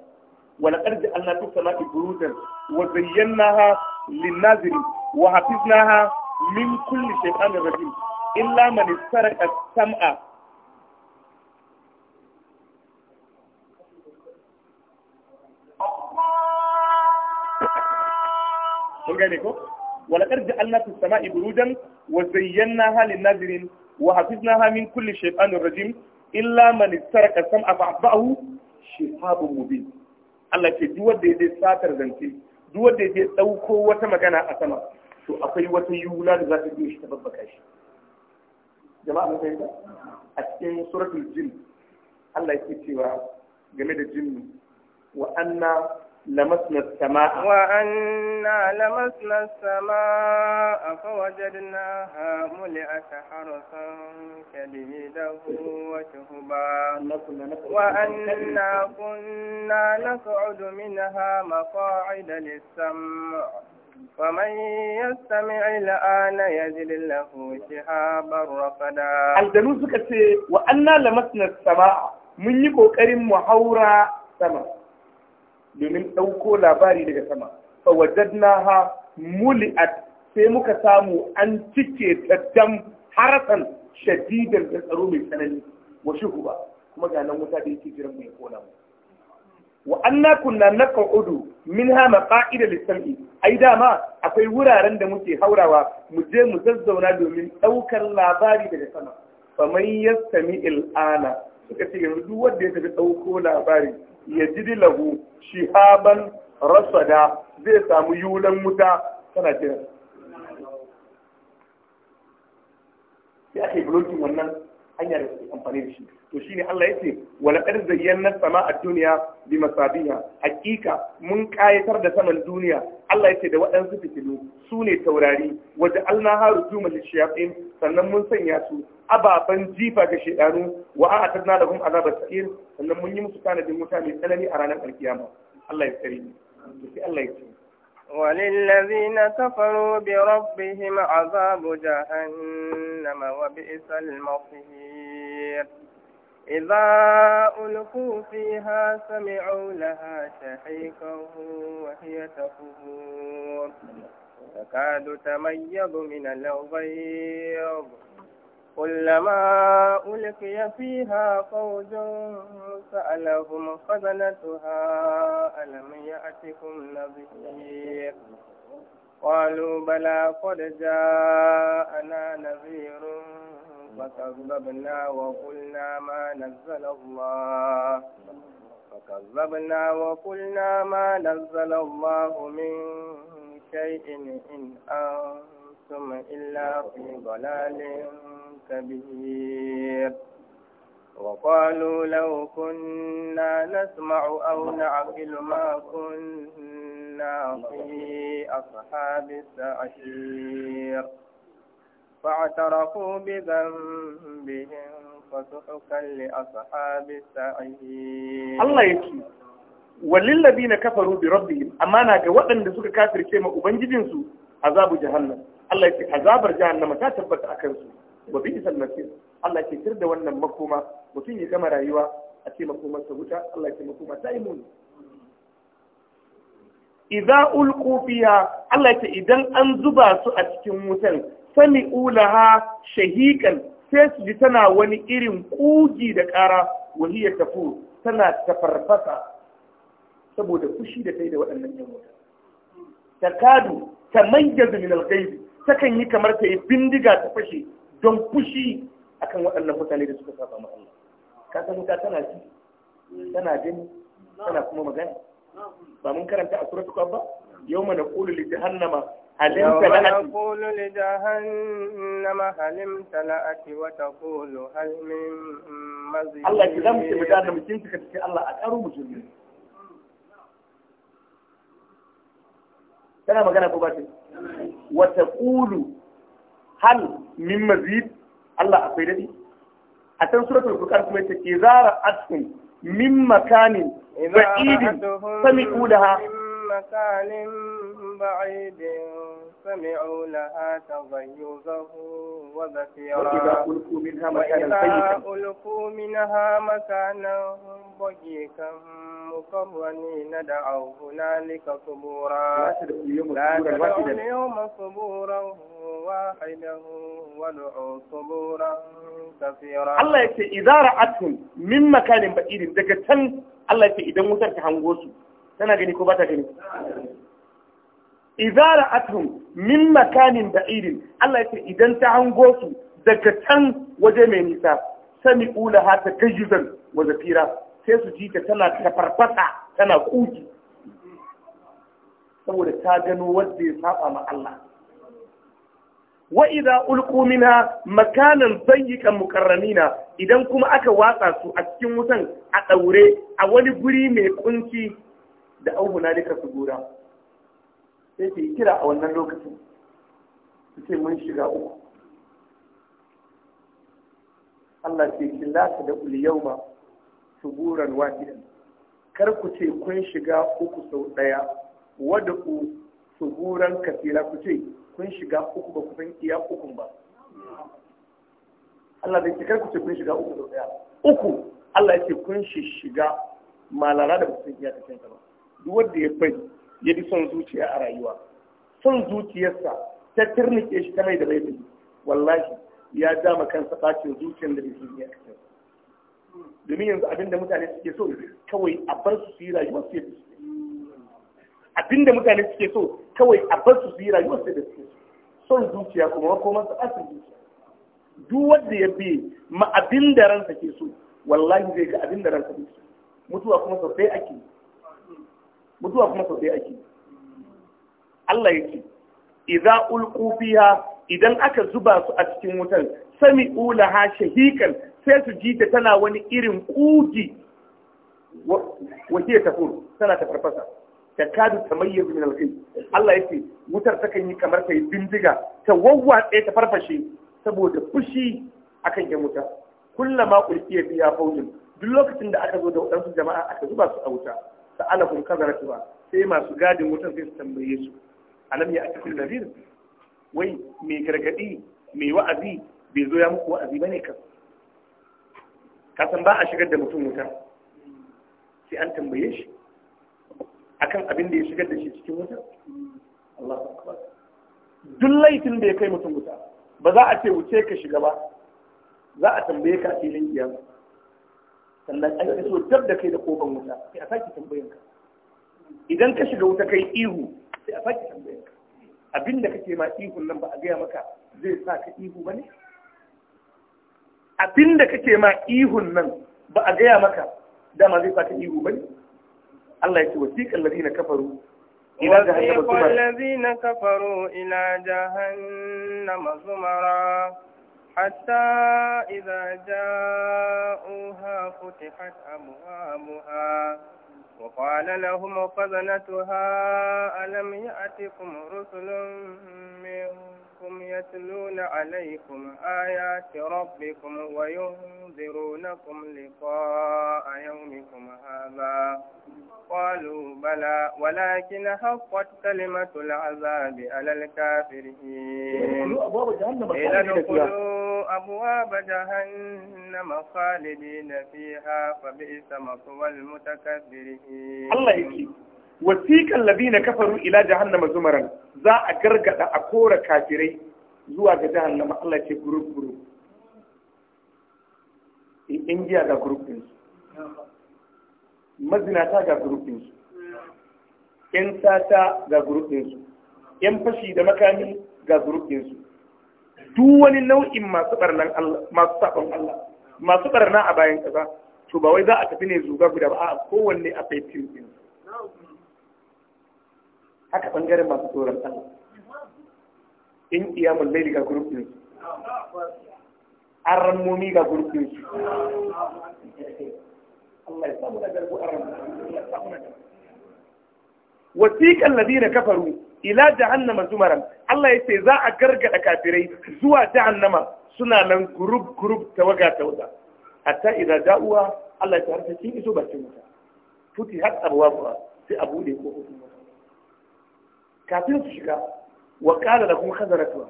B: wala arji Allah tu samati burudan wa zayyanaha linnaziri wa hafiznaha min kulli shaytanir rajim illa man sarqa sam'a kun gane ko wala Allah wa wa na hamin kulli shaytanir rajim illa man taraka sam'a fa atba'ahu shihabun mubin Allah ce duk wanda ya satar zance duk wanda ya je wata magana a sama to akwai wata yula da za ta biyo shi ta jama'a a cikin suratul jin Allah game da jinni wa لمسنا السماء
A: وأنا لمسنا السماء فوجدناها ملئت حرسا شديدا وشهبا
B: وأنا
A: كنا نقعد منها مقاعد للسمع فمن يستمع الآن يجد
B: له شهابا رصدا الجنوس كتير وأنا لمسنا السماء من يكو كريم وحورا سماء domin ɗauko labari daga sama fawajadnaha muli'at sai muka samu an cike ta dam harasan shadidan da tsaro mai tsanani wa shuhuba kuma ga nan wuta da yake jiran mai kona mu wa anna kunna naq'udu min maqa'ida lis-sam'i ai dama akwai wuraren da muke haurawa mu je mu zazzauna domin ɗaukar labari daga sama faman yastami al suka ce yanzu duk wanda ya tafi ɗauko labari ya ji lahu shihaban rasada zai samu yulan wuta tana jiran ya ake bulokin wannan hanya da suke amfani da shi to ne Allah ya ce wala qad na sama'a a duniya? bi masabiha hakika mun kayatar da saman duniya Allah ya ce da waɗansu fitilu su ne taurari wajen alna haru juma lishiyatin sannan mun sanya su ababen jifa ga shedanu wa a atarna da kuma azabar sa'ir sannan mun yi musu tanadin wuta mai tsanani a ranar alkiyama Allah ya tsare ni sai Allah ya ce
A: وللذين كفروا بربهم عذاب جهنم وبئس المصير إذا ألقوا فيها سمعوا لها شحيكا وهي تفور تكاد تميض من الغيظ كلما ألقي فيها فوج سألهم خزنتها ألم يأتكم نذير قالوا بلى قد جاءنا نذير فكذبنا وقلنا ما نزل الله فكذبنا وقلنا ما نزل الله من شيء إن أنتم إلا في ضلال كبير وقالوا لو كنا نسمع أو نعقل ما كنا في أصحاب السعير فاعترفوا بذنبهم فسحقا لأصحاب السعير الله يكي
B: walillabi na kafaru bi rabbihim amana ga waɗanda suka kafirce ma ubangijinsu azabu jahannam Allah ya ce azabar jahannama ta tabbata a kansu wa bi isal masir Allah ya ce da wannan makoma mutum ya gama rayuwa a ce makomar wuta Allah ya ce makoma ta yi Allah ya ce idan an zuba su a cikin wutan ula ulaha shahikan sai su ji tana wani irin kugi da ƙara ya tafu tana tafarfasa saboda fushi da ta yi da waɗannan yan wata. ta kadu ta manja min ta takan yi kamar ta yi bindiga ta fashe don fushi akan waɗannan mutane da suka saba ma Allah ka san wuta tana ji tana gani tana kuma magana ba mun karanta a suratul qaf Yau mana naqulu li jahannama هل امتلأت
A: نقول لجهنم هل امتلأت وتقول هل من مزيد
C: الله
B: da Allah a karo musulmi tana magana ko ba ce wa hal min mazid Allah akwai dadi a can suratul furqan kuma min sami'u laha
A: مكان بعيد سمعوا لها تغيظا وزفيرا
B: وإذا
A: ألقوا منها مكانا ضيقا مقرنين دعوا هنالك
B: صبورا لا تدعوا
A: اليوم صبورا واحدا ودعوا صبورا كثيرا الله يقول
B: إذا رأتهم من مكان بعيد دقة الله يقول إذا موتر تحنقوسوا tana gani ko ba ta gani idza ra'atuhum min makanin ba'irin Allah ya ce idan ta hango su daga can waje mai nisa sami ha ta kajizan waje fira sai su ji ta tana tafarfasa tana kuki saboda ta gano wanda ya saba ma Allah wa idza ulqu minha makanan dayyiqan mukarramina idan kuma aka watsa su a cikin wutan a daure a wani guri mai kunci da an hunalika su gura sai ke yi kira a wannan lokacin su ce mun shiga uku Allah ce ki lata da ba su guran wahidan kar ku ce kun shiga uku sau ɗaya wadda ku su guran kafira ku ce kun shiga uku ba ku san iya ukun ba Allah da ke ku ce kun shiga uku sau ɗaya uku Allah ya ce kun shiga malara da ba ku san iya kafin ba duk wanda ya bari ya bi son zuciya a rayuwa son zuciyarsa ta turnike shi ta mai da bai wallahi ya dama kansa bacin zuciyar da bai zuciya a cikin domin yanzu abinda mutane suke so kawai a bar su su yi rayuwa su yadda suke abinda mutane suke so kawai a bar su su yi rayuwa su yadda suke son zuciya kuma makoman su asin zuciya duk wanda ya bi ma abin da ransa ke so wallahi zai ga abin da ransa ke so mutuwa kuma sau sai ake yi mutuwa kuma sau ɗaya ake Allah yake idza ulqu fiha idan aka zuba su a cikin wutar sami ha shahikan sai su ji ta tana wani irin ƙugi wa ta furu tana ta farfasa ta kadu tamayyaz min al Allah yake wutar ta kan yi kamar ta yi bindiga ta wawwatse ta farfashe saboda fushi akan yan wuta kullama ulqiya fiha fawjun duk lokacin da aka zo da waɗansu jama'a aka zuba su a wuta da ala kun kazaratu ba sai masu gadin wutar sai su tambaye su alam ya atikul nazir wai mai gargadi mai wa'azi bai zo ya muku wa'azi ba ne? ka san ba a shigar da mutum wuta sai an tambaye shi akan abin da ya shigar da shi cikin wuta Allahu akbar duk laifin da ya kai mutum wuta ba za a ce wuce ka shiga ba za a tambaye ka a filin kiyama sannan an iso dab da kai da kofar wuta sai a sake tambayan ka idan ka shiga wuta kai ihu sai a sake tambayan ka abin da kake ma ihun nan ba a gaya maka zai sa ka ihu ba ne abin da kake ma ihun nan ba a gaya maka dama zai sa ka ihu ba ne Allah ya ce wasiƙan ladina kafaru إلى جهنم
A: الذين كفروا إلى حتى إذا جاءوها فتحت أبوابها وقال لهم خزنتها ألم يأتكم رسل منهم ربكم يتلون عليكم آيات ربكم وينذرونكم لقاء يومكم هذا قالوا بلى ولكن حقت كلمة العذاب على الكافرين
B: ادخلوا
A: أبواب جهنم خالدين فيها فبئس مثوى المتكبرين الله
B: يكفي وسيق الذين كفروا إلى جهنم زمرا za a gargada a kora kafirai zuwa ga na Allah ce group group in indiya ga group din mazinata ga group din yan sata ga group din yan fashi da makami ga group din duk wani nau'in masu barnan Allah masu sabon Allah masu barna a bayan kasa to ba wai za a tafi ne zuga guda ba a kowanne a faifin din haka bangaren masu tsoron Allah in iyamun laili ga group din su arran mumi ga group su Allah ya samu na garbu arran Allah ya samu na kafaru ila jahannama zumaran Allah ya ce za a gargada kafirai zuwa jahannama suna nan gurub gurub ta group ta wuta. hatta idza da'uwa Allah ya tarfa kin iso bakin wuta futi hat ba sai abu ne ko hudu kafin su shiga wa qala lahum khazaratuha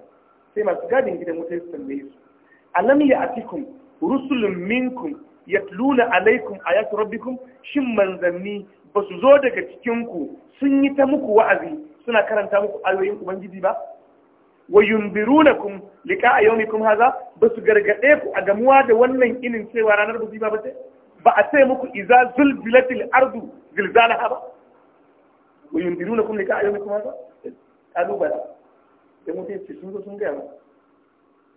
B: sai masu gadin gidan wuta su tambaye su alam ya'tikum rusulun minkum yatluna alaikum ayatu rabbikum shin manzanni ba su zo daga cikin ku sun yi ta muku wa'azi suna karanta muku ayoyin ubangiji ba wa a liqa'a yawmikum haza? ba su gargade ku a gamuwa da wannan inin cewa ranar musiba ba ba a ce muku iza zulzilatil ardu zilzala ba wa yundiruna kum lika ayyukum hada kalubala sai mutum sun zo sun gaya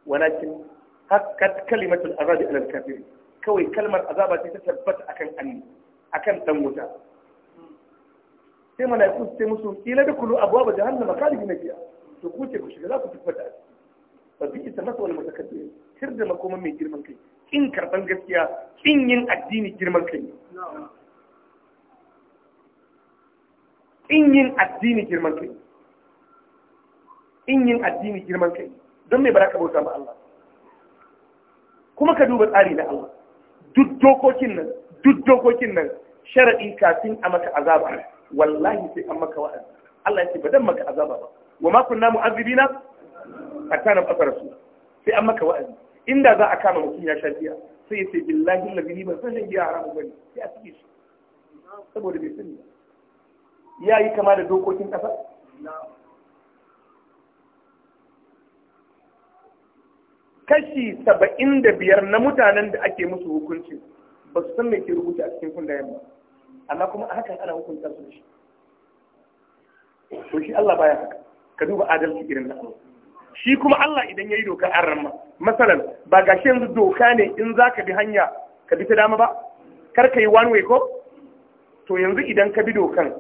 B: walakin hakkat kalimatul azabi alal kafiri kawai kalmar azaba ce ta tabbata akan anni akan dan wuta sai malaiku su ce musu kila da kulu abwaba jahannama khalidina fiha to ku ce ku shiga za ku tabbata a ciki fa bi ita da mai girman kai kin gaskiya kin yin addini girman kai in yin addini girman kai in yin addini girman kai don me baraka bauta ma Allah kuma ka duba tsari na Allah duk dokokin nan duk dokokin nan sharadi kafin a maka azaba wallahi sai an maka wa'azi Allah ya ce ba dan maka azaba ba wa ma kunna mu'azzibina hatta na fasa sai an maka wa'azi inda za a kama mutum ya sha biya sai ya ce billahi allazi ban san shan giya haramun bane sai a tsige shi saboda bai sani ba ya yi kama da dokokin ƙasa kashi saba'in da biyar na mutanen da ake musu hukunci ba su san mai ke rubuta a cikin kundayen ba amma kuma a hakan ana hukunta su shi to shi Allah baya haka ka duba adalci irin na Allah shi kuma Allah idan yayi doka an ramma masalan ba gashi yanzu doka ne in za ka bi hanya ka bi ta dama ba kar ka yi one way ko to yanzu idan ka bi dokan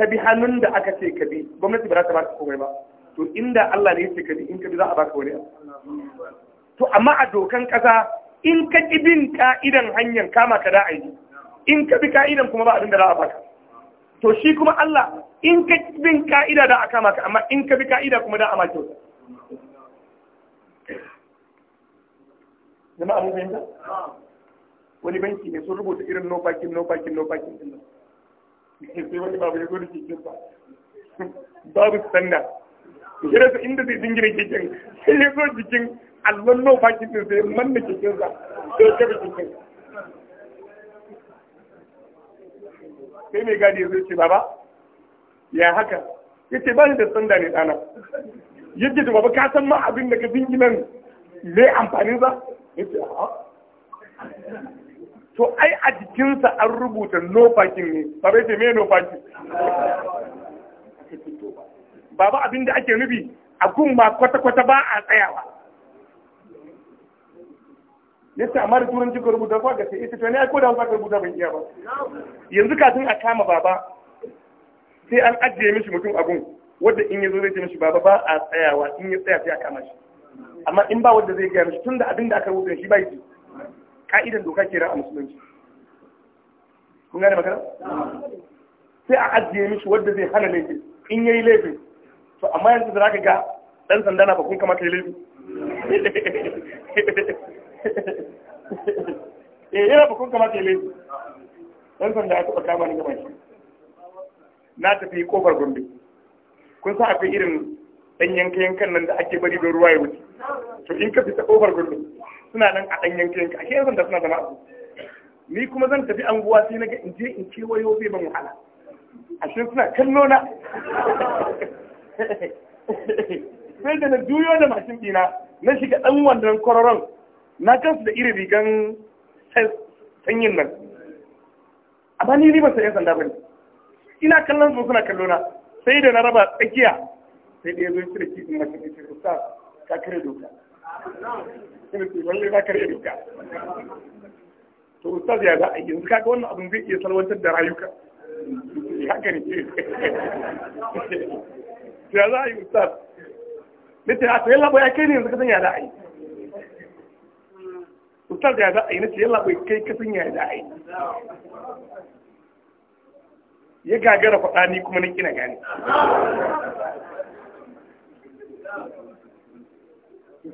B: ka bi hannun da aka ce ka bi gwamnati ba za ta baka komai ba to inda Allah ne yake ka bi in ka bi za a baka wani abu to amma a dokan kasa in ka ki bin ka'idan hanyar kama ka da aiki in ka bi ka'idan kuma ba abin da za a baka to shi kuma Allah in ka bin ka'ida da a kama ka amma in ka bi ka'ida kuma da a ma kyauta jama'a mun fahimta wani banki ne sun rubuta irin no parking no parking no parking din nan babu sanda shi rasa inda zai dingire keken sai ya zo jikin allon nau fakin din sai manna kekensa sai ya kafa keken sai me gadi ya zo ce baba ya haka ya ce ba ni da sanda ne ɗana yadda da baba ka san ma abin da ka dinginan me amfanin sa ya ce a'a to ai a jikinsa an rubuta no parking ne ba bai ce me no parking baba abin da ake nufi a gun ma kwata-kwata ba a tsayawa yadda amma da turanci ka rubuta ba ga sai ita tunani ko da ba ka rubuta ban iya ba yanzu kafin a kama baba sai an ajiye mishi mutum a gun inye in yazo zai ce mishi baba ba a tsayawa in ya tsaya sai a kama shi amma in ba wadda zai gaya mishi tunda abin da aka rubuta shi bai ji ka'idan doka kenan a musulunci kun gane magana sai a ajiye mishi wadda zai hana laifin in yayi laifin to amma yanzu da zaka ga dan sanda na bakun kamata ya laifin <laughs> eh yana bakun kamata ya laifin dan sanda ya taba kama ni gaban shi na tafi kofar gombe kun sa akwai irin dan yanka yankan nan da ake bari don ruwa ya wuce to in ka fita kofar gudu suna nan a ɗanyen yanka ke yanzu da suna zama abu ni kuma zan tafi anguwa sai na ga in je in kewayo zai ban wahala A cikin suna kallo na sai da na juyo da mashin ɗina na shiga ɗan wannan kwararon na kansu da iri rigan sanyin nan amma ni riban sa 'yan sanda bane ina kallon su suna kallo na sai da na raba tsakiya sai da ya zo shi da kifin mashin ɗin ka kare doka kuma ce lalle za ka rage doka to ustaz ya za a yanzu kaga wannan abin zai iya salwantar da rayuka haka ne ya za a yi ustaz nace a tsayin labai ya kai ne yanzu ka sanya da a yi ustaz ya za a yi nace yalla bai kai ka sanya da a yi ya gagara faɗa ni kuma na kina gane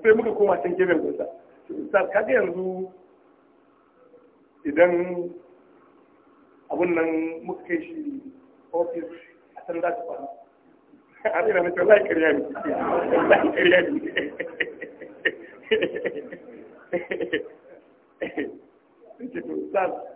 B: sai muka koma can gefen gunsa ustaz kaga yanzu idan abun nan muka kai shi ofis a can za ta kwana a rina na cewa laikar ne laikar ƙarya sun <laughs> ce to ustaz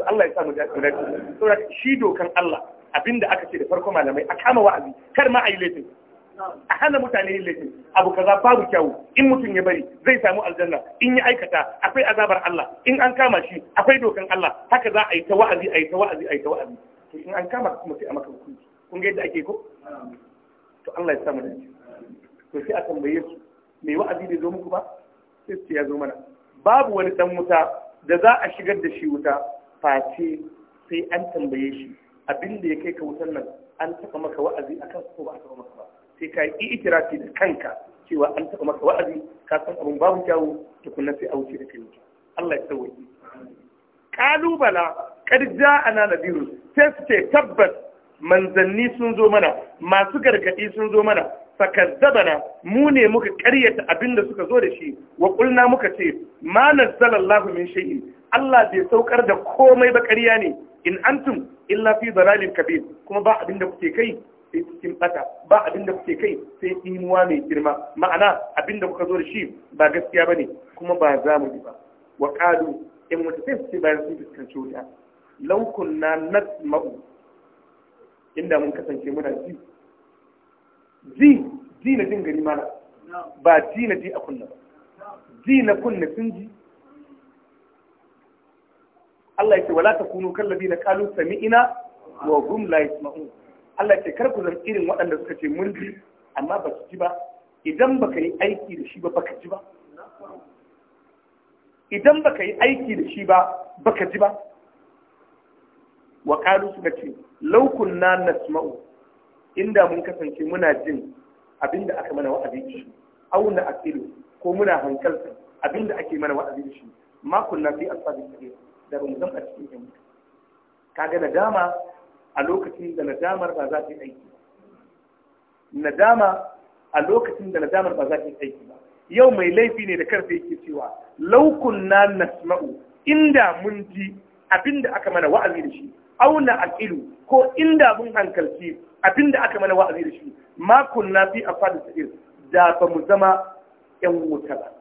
B: to Allah ya sa mu dace saboda shi dokan Allah abinda aka ce da farko malamai a kama wa'azi kar ma ayi laifin a hana mutane yin laifin abu kaza babu kyawu in mutum ya bari zai samu aljanna in ya aikata akwai azabar Allah in an kama shi akwai dokan Allah haka za a yi ta wa'azi a yi ta wa'azi a yi ta wa'azi to in an kama kuma sai a maka hukunci kun ga yadda ake ko to Allah ya samu dace to sai a tambaye su me wa'azi bai zo muku ba sai su ya zo mana babu wani dan wuta da za a shigar da shi wuta face sai an tambaye shi abin da ya kai ka wutar nan an taɓa maka wa'azi a kan ko ba a taɓa maka ba sai ka yi itirafi da kanka cewa an taɓa maka wa'azi ka san abin babu kyawu tukunna sai a wuce da kai Allah ya sauwaƙi kalubala kad ja'ana nadirun sai su ce tabbas manzanni sun zo mana masu gargadi sun zo mana fakazzabana mu ne muka karyata abin da suka zo da shi wa ƙulna muka ce ma nazzalallahu min shay'in Allah bai saukar da komai ba ƙarya ne in antum illa fi dalalin kabir kuma ba abin da kuke kai sai cikin bata ba abin da kuke kai sai imuwa mai girma ma'ana abin da kuka zo da shi ba gaskiya bane kuma ba za mu yi ba wa qalu in wata sai su bayan sun fuskanci wuta law kunna nasma'u inda mun kasance muna ji ji ji na jin gari mana ba ji na ji a kunna
C: ba
B: ji na kunna sun ji Allah ya ce wala takunu kallabina sami ina wa gum la yasma'un Allah ya ce kar ku zama irin waɗanda suka ce mun ji amma ba su ji ba idan baka yi aiki da shi ba baka ji ba idan baka yi aiki da shi ba baka ji ba wa kalu suka ce law kunna nasma'u inda mun kasance muna jin abinda aka mana wa'azi da shi au na ko muna hankalta abinda ake mana wa'azi da shi ma kunna fi asabi kabira da ba mu a cikin yan kaga nadama a lokacin da nadamar ba za ta yi aiki nadama a lokacin da nadamar ba za ta yi aiki ba yau mai laifi ne da karfe yake cewa laukun na nasma'u inda mun ji abinda aka mana wa'azi da shi auna aqilu ko inda mun hankalci abinda aka mana wa'azi da shi ma kunna fi afad sa'ir da ba mu zama yan wuta ba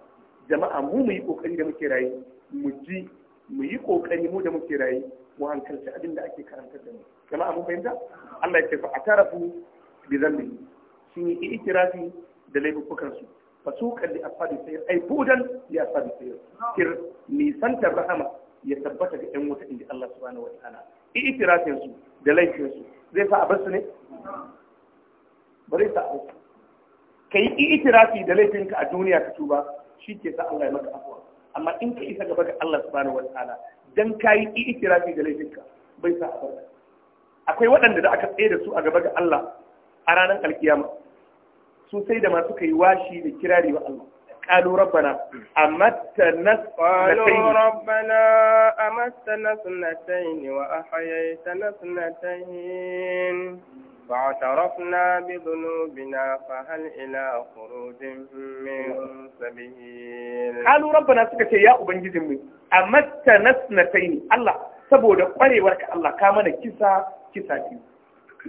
B: jama'a mu mu yi kokari da muke rayu mu ji mu yi kokari mu da muke rayu mu hankalci abin da ake karantar da mu jama'a abun fahimta Allah ya ce fa atarafu bi dhanbi sun yi itirafi da laifukan su su kalli afadi sai ai budan ya ashabi sai kir ta rahama ya tabbata ga ɗan wata inda Allah subhanahu wataala i itirafin su da laifin su zai sa a bar su ne Bari ta sa a bar itirafi da laifinka a duniya ka tuba shi ke sa Allah ya maka afwa amma in ka isa gaba ga Allah subhanahu ta'ala dan kai ikirafi da laifinka bai sa abarka akwai waɗanda da aka tsaye da su a gaba ga Allah a ranar alkiyama su sai da masu kai washi da kirari wa Allah قالوا ربنا أمتنا اثنتين
A: ربنا أمتنا اثنتين وأحييتنا اثنتين فاعترفنا بذنوبنا فهل إلى خروج من سبيل قالوا ربنا سكت
B: يا أبن جزمي أمتنا سنتين الله saboda kwarewarka Allah ka mana kisa kisa biyu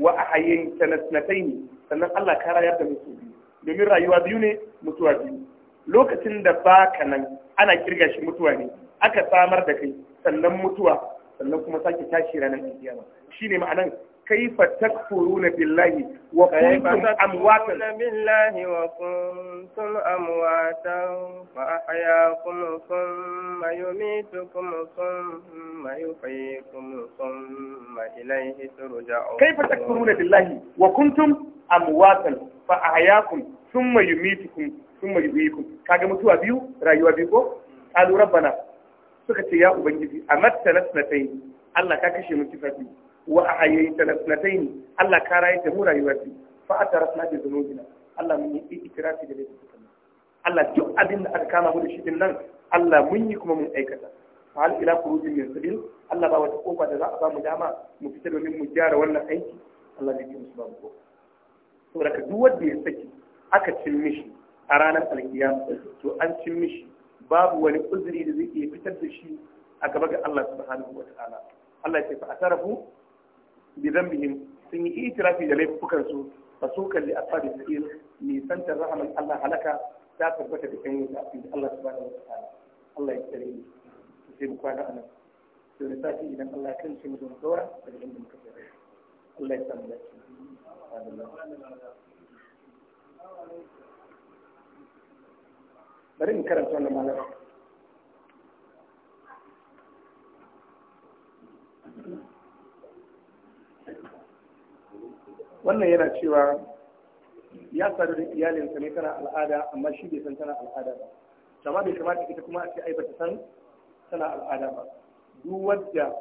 B: wa a hayin sanasnatai ne sannan Allah ka rayar da mutu biyu domin rayuwa biyu ne mutuwa biyu lokacin da ba ka nan ana kirga shi mutuwa ne aka samar da kai sannan mutuwa sannan kuma sake tashi ranar kiyama ne ma'anan Kaifa takfuru billahi, waƙuntun amuwatan.
A: Kaifa takfuru na billahi, waƙuntun Fa a haya kun sun mayumitu kun, sun mayu fiya kun, sun mayu fayi kun, sun
B: mayu fiya kun, sun mayu fiya kun, sun mayu fiya kun, sun mayu fiya kun, sun mayu fiya kun, sun mayu fiya kun, wa ahyaytana sanatayn Allah ka rayar da mu rayuwar biyu fa atarafna bi dhunubina Allah mun yi ikirafi da laifukan Allah duk abin da aka kama mu da shi din nan Allah mun yi kuma mun aikata fa hal ila khurujin min sabil Allah ba wata kofa da za a mu dama mu fita domin mu gyara wannan aiki Allah zai musu ba mu kofa saboda duk wanda ya saki aka cin mishi a ranar alkiyama to an cin mishi babu wani uzuri da zai iya fitar da shi a gaba ga Allah subhanahu wa ta'ala Allah ya ce fa atarafu bi dhanbihim sun yi itirafi da laifukan su fasukan li ashabi sa'ir san ta rahaman Allah halaka ta tabbata da kan yin da Allah subhanahu wa ta'ala Allah ya tsare mu sai mu kwana anan to da sati idan Allah ya kance mu don dora daga inda muka tsaya Allah ya samu lafiya bari in karanta wannan malamin wannan yana cewa ya sadu da iyalinsa ne tana al'ada amma shi bai san tana al'ada ba amma bai kamata ita kuma a ce ai bata san tana al'ada ba duk wadda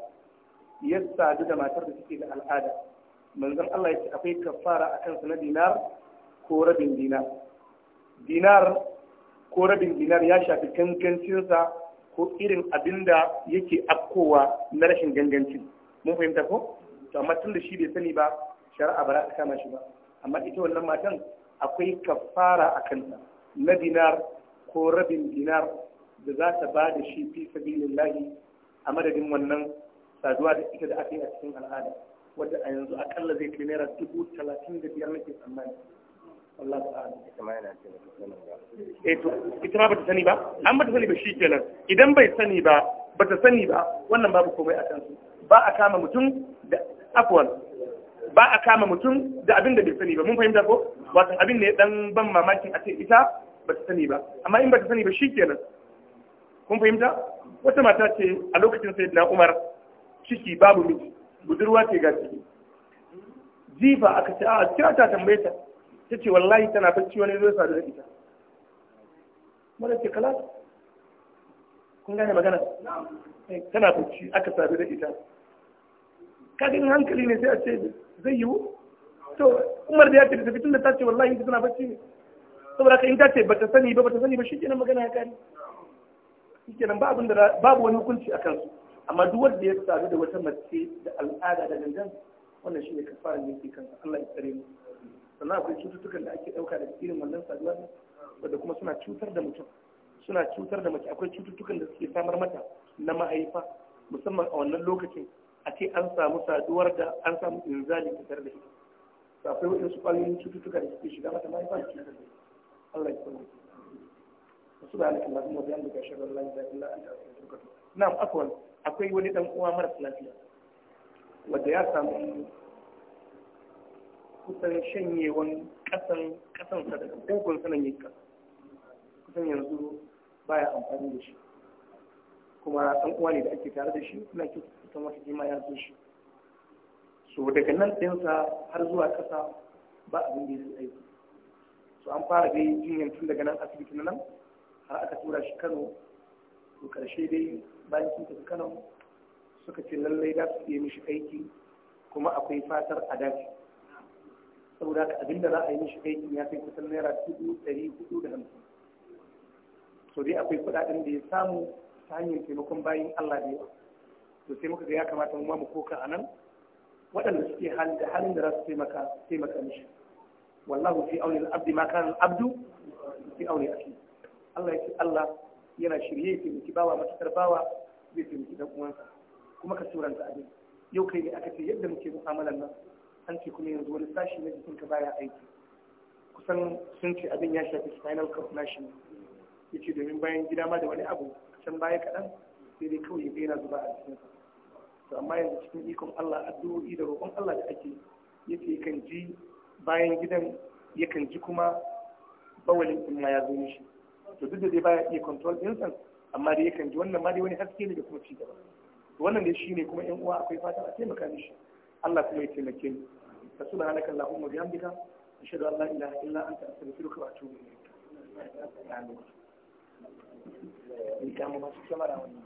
B: ya sadu da matar da take da al'ada manzon Allah ya ce akwai kafara a kansa na dinar ko rabin dinar dinar ko rabin dinar ya shafi gangancinsa ko irin abinda yake afkowa na rashin gangancin mun fahimta ko to amma tun da shi bai sani ba shari'a ba za ta kama shi ba amma ita wannan matan akwai kafara a kanta na dinar ko rabin dinar da za ta ba da shi fi sabilillahi a madadin wannan saduwa da ita da aka yi a cikin al'ada wadda a yanzu akalla zai kai naira dubu talatin da biyar nake tsammani Allah ta'ala eh ita ma ba eh ita ma bata sani ba an bata sani ba shi kenan idan bai sani ba bata sani ba wannan babu komai a kansu ba a kama mutum da afwan ba a kama mutum da abin da bai sani ba mun fahimta ko wato abin ne dan ban mamakin a ce ita ba ta sani ba amma in ba ta sani ba shikenan kun fahimta wata mata ce a lokacin na Umar ciki babu miji budurwa ce ga ciki jifa aka ce a kira ta tambaye ta ta ce wallahi tana bacci wani zai sadu da ita mara ce kala kun gane magana eh, tana bacci aka sadu da ita kadin hankali ne sai a ce zai yiwu to umar da ya ce tafi tun da ta ce wallahi ita tana bacci ne saboda ka in ta ce bata sani ba bata sani ba shikenan magana ya kare shikenan ba abin da babu wani hukunci a kansu amma duk wanda ya sadu da wata mace da al'ada da gangan wannan shine kafaran da yake kansa Allah ya tsare mu sannan akwai cututtukan da ake dauka daga irin wannan saduwa wanda kuma suna cutar da mutum suna cutar da mace akwai cututtukan da suke samar mata na mahaifa musamman a wannan lokacin a ce an samu saduwar da an samu inzali fitar da ta fi wajen su kwallon cututtuka da suke shiga mata mai da cikin da Allah ya kuma wasu da alaƙin masu mabiya da lai da illa an la'an da asusun kato na akwai akwai wani ɗan uwa mara lafiya wanda ya samu kusan shanyewan kasansa ƙasan sa daga dogon sanan yin kusan yanzu baya amfani da shi kuma ɗan uwa ne da ake tare da shi ina kyautu kusan wata jima ya zo shi so daga nan tsayinsa har zuwa ƙasa ba abin da ya aiki so an fara dai jinyar tun daga nan asibiti na nan har aka tura shi kano to ƙarshe dai bayan sun tafi kano suka ce lallai za su iya mishi aiki kuma akwai fatar a dace saboda ka abin da za a yi mishi aiki ya kai kusan naira dubu ɗari hudu da hamsin so dai akwai kuɗaɗen da ya samu ta hanyar taimakon bayan allah da yawa to sai muka ga ya kamata mu ma mu koka a nan waɗanda suke hali da halin da za su taimaka taimaka mishi wallahu fi auni al-abdi ma kana al-abdu fi auni akhi Allah yake Allah yana shirye ya taimaki bawa matakar bawa zai taimaki dan uwansa kuma ka suranta abin yau kai ne aka ce yadda muke mu'amalan nan an ce kuma yanzu wani sashi na jikinka baya aiki kusan sun ce abin ya shafi spinal cord nashi yace domin bayan gida ma da wani abu can baya kaɗan sai dai kawai ya yana zuba a cikinsa to amma yanzu cikin ikon Allah addu'o'i da roƙon Allah da ake yake kan ji bayan gidan yakan ji kuma bawalin in ma ya zo mishi to duk da dai baya iya control ɗinsa amma dai yakan ji wannan ma dai wani haske ne da kuma ci gaba wannan dai shine kuma ƴan uwa akwai fata a taimaka mishi Allah kuma ya taimake ni ka subhanaka allahumma bihamdika ashhadu an la ilaha illa anta astaghfiruka wa atubu ilayk amin ni kamo masu kyamara wannan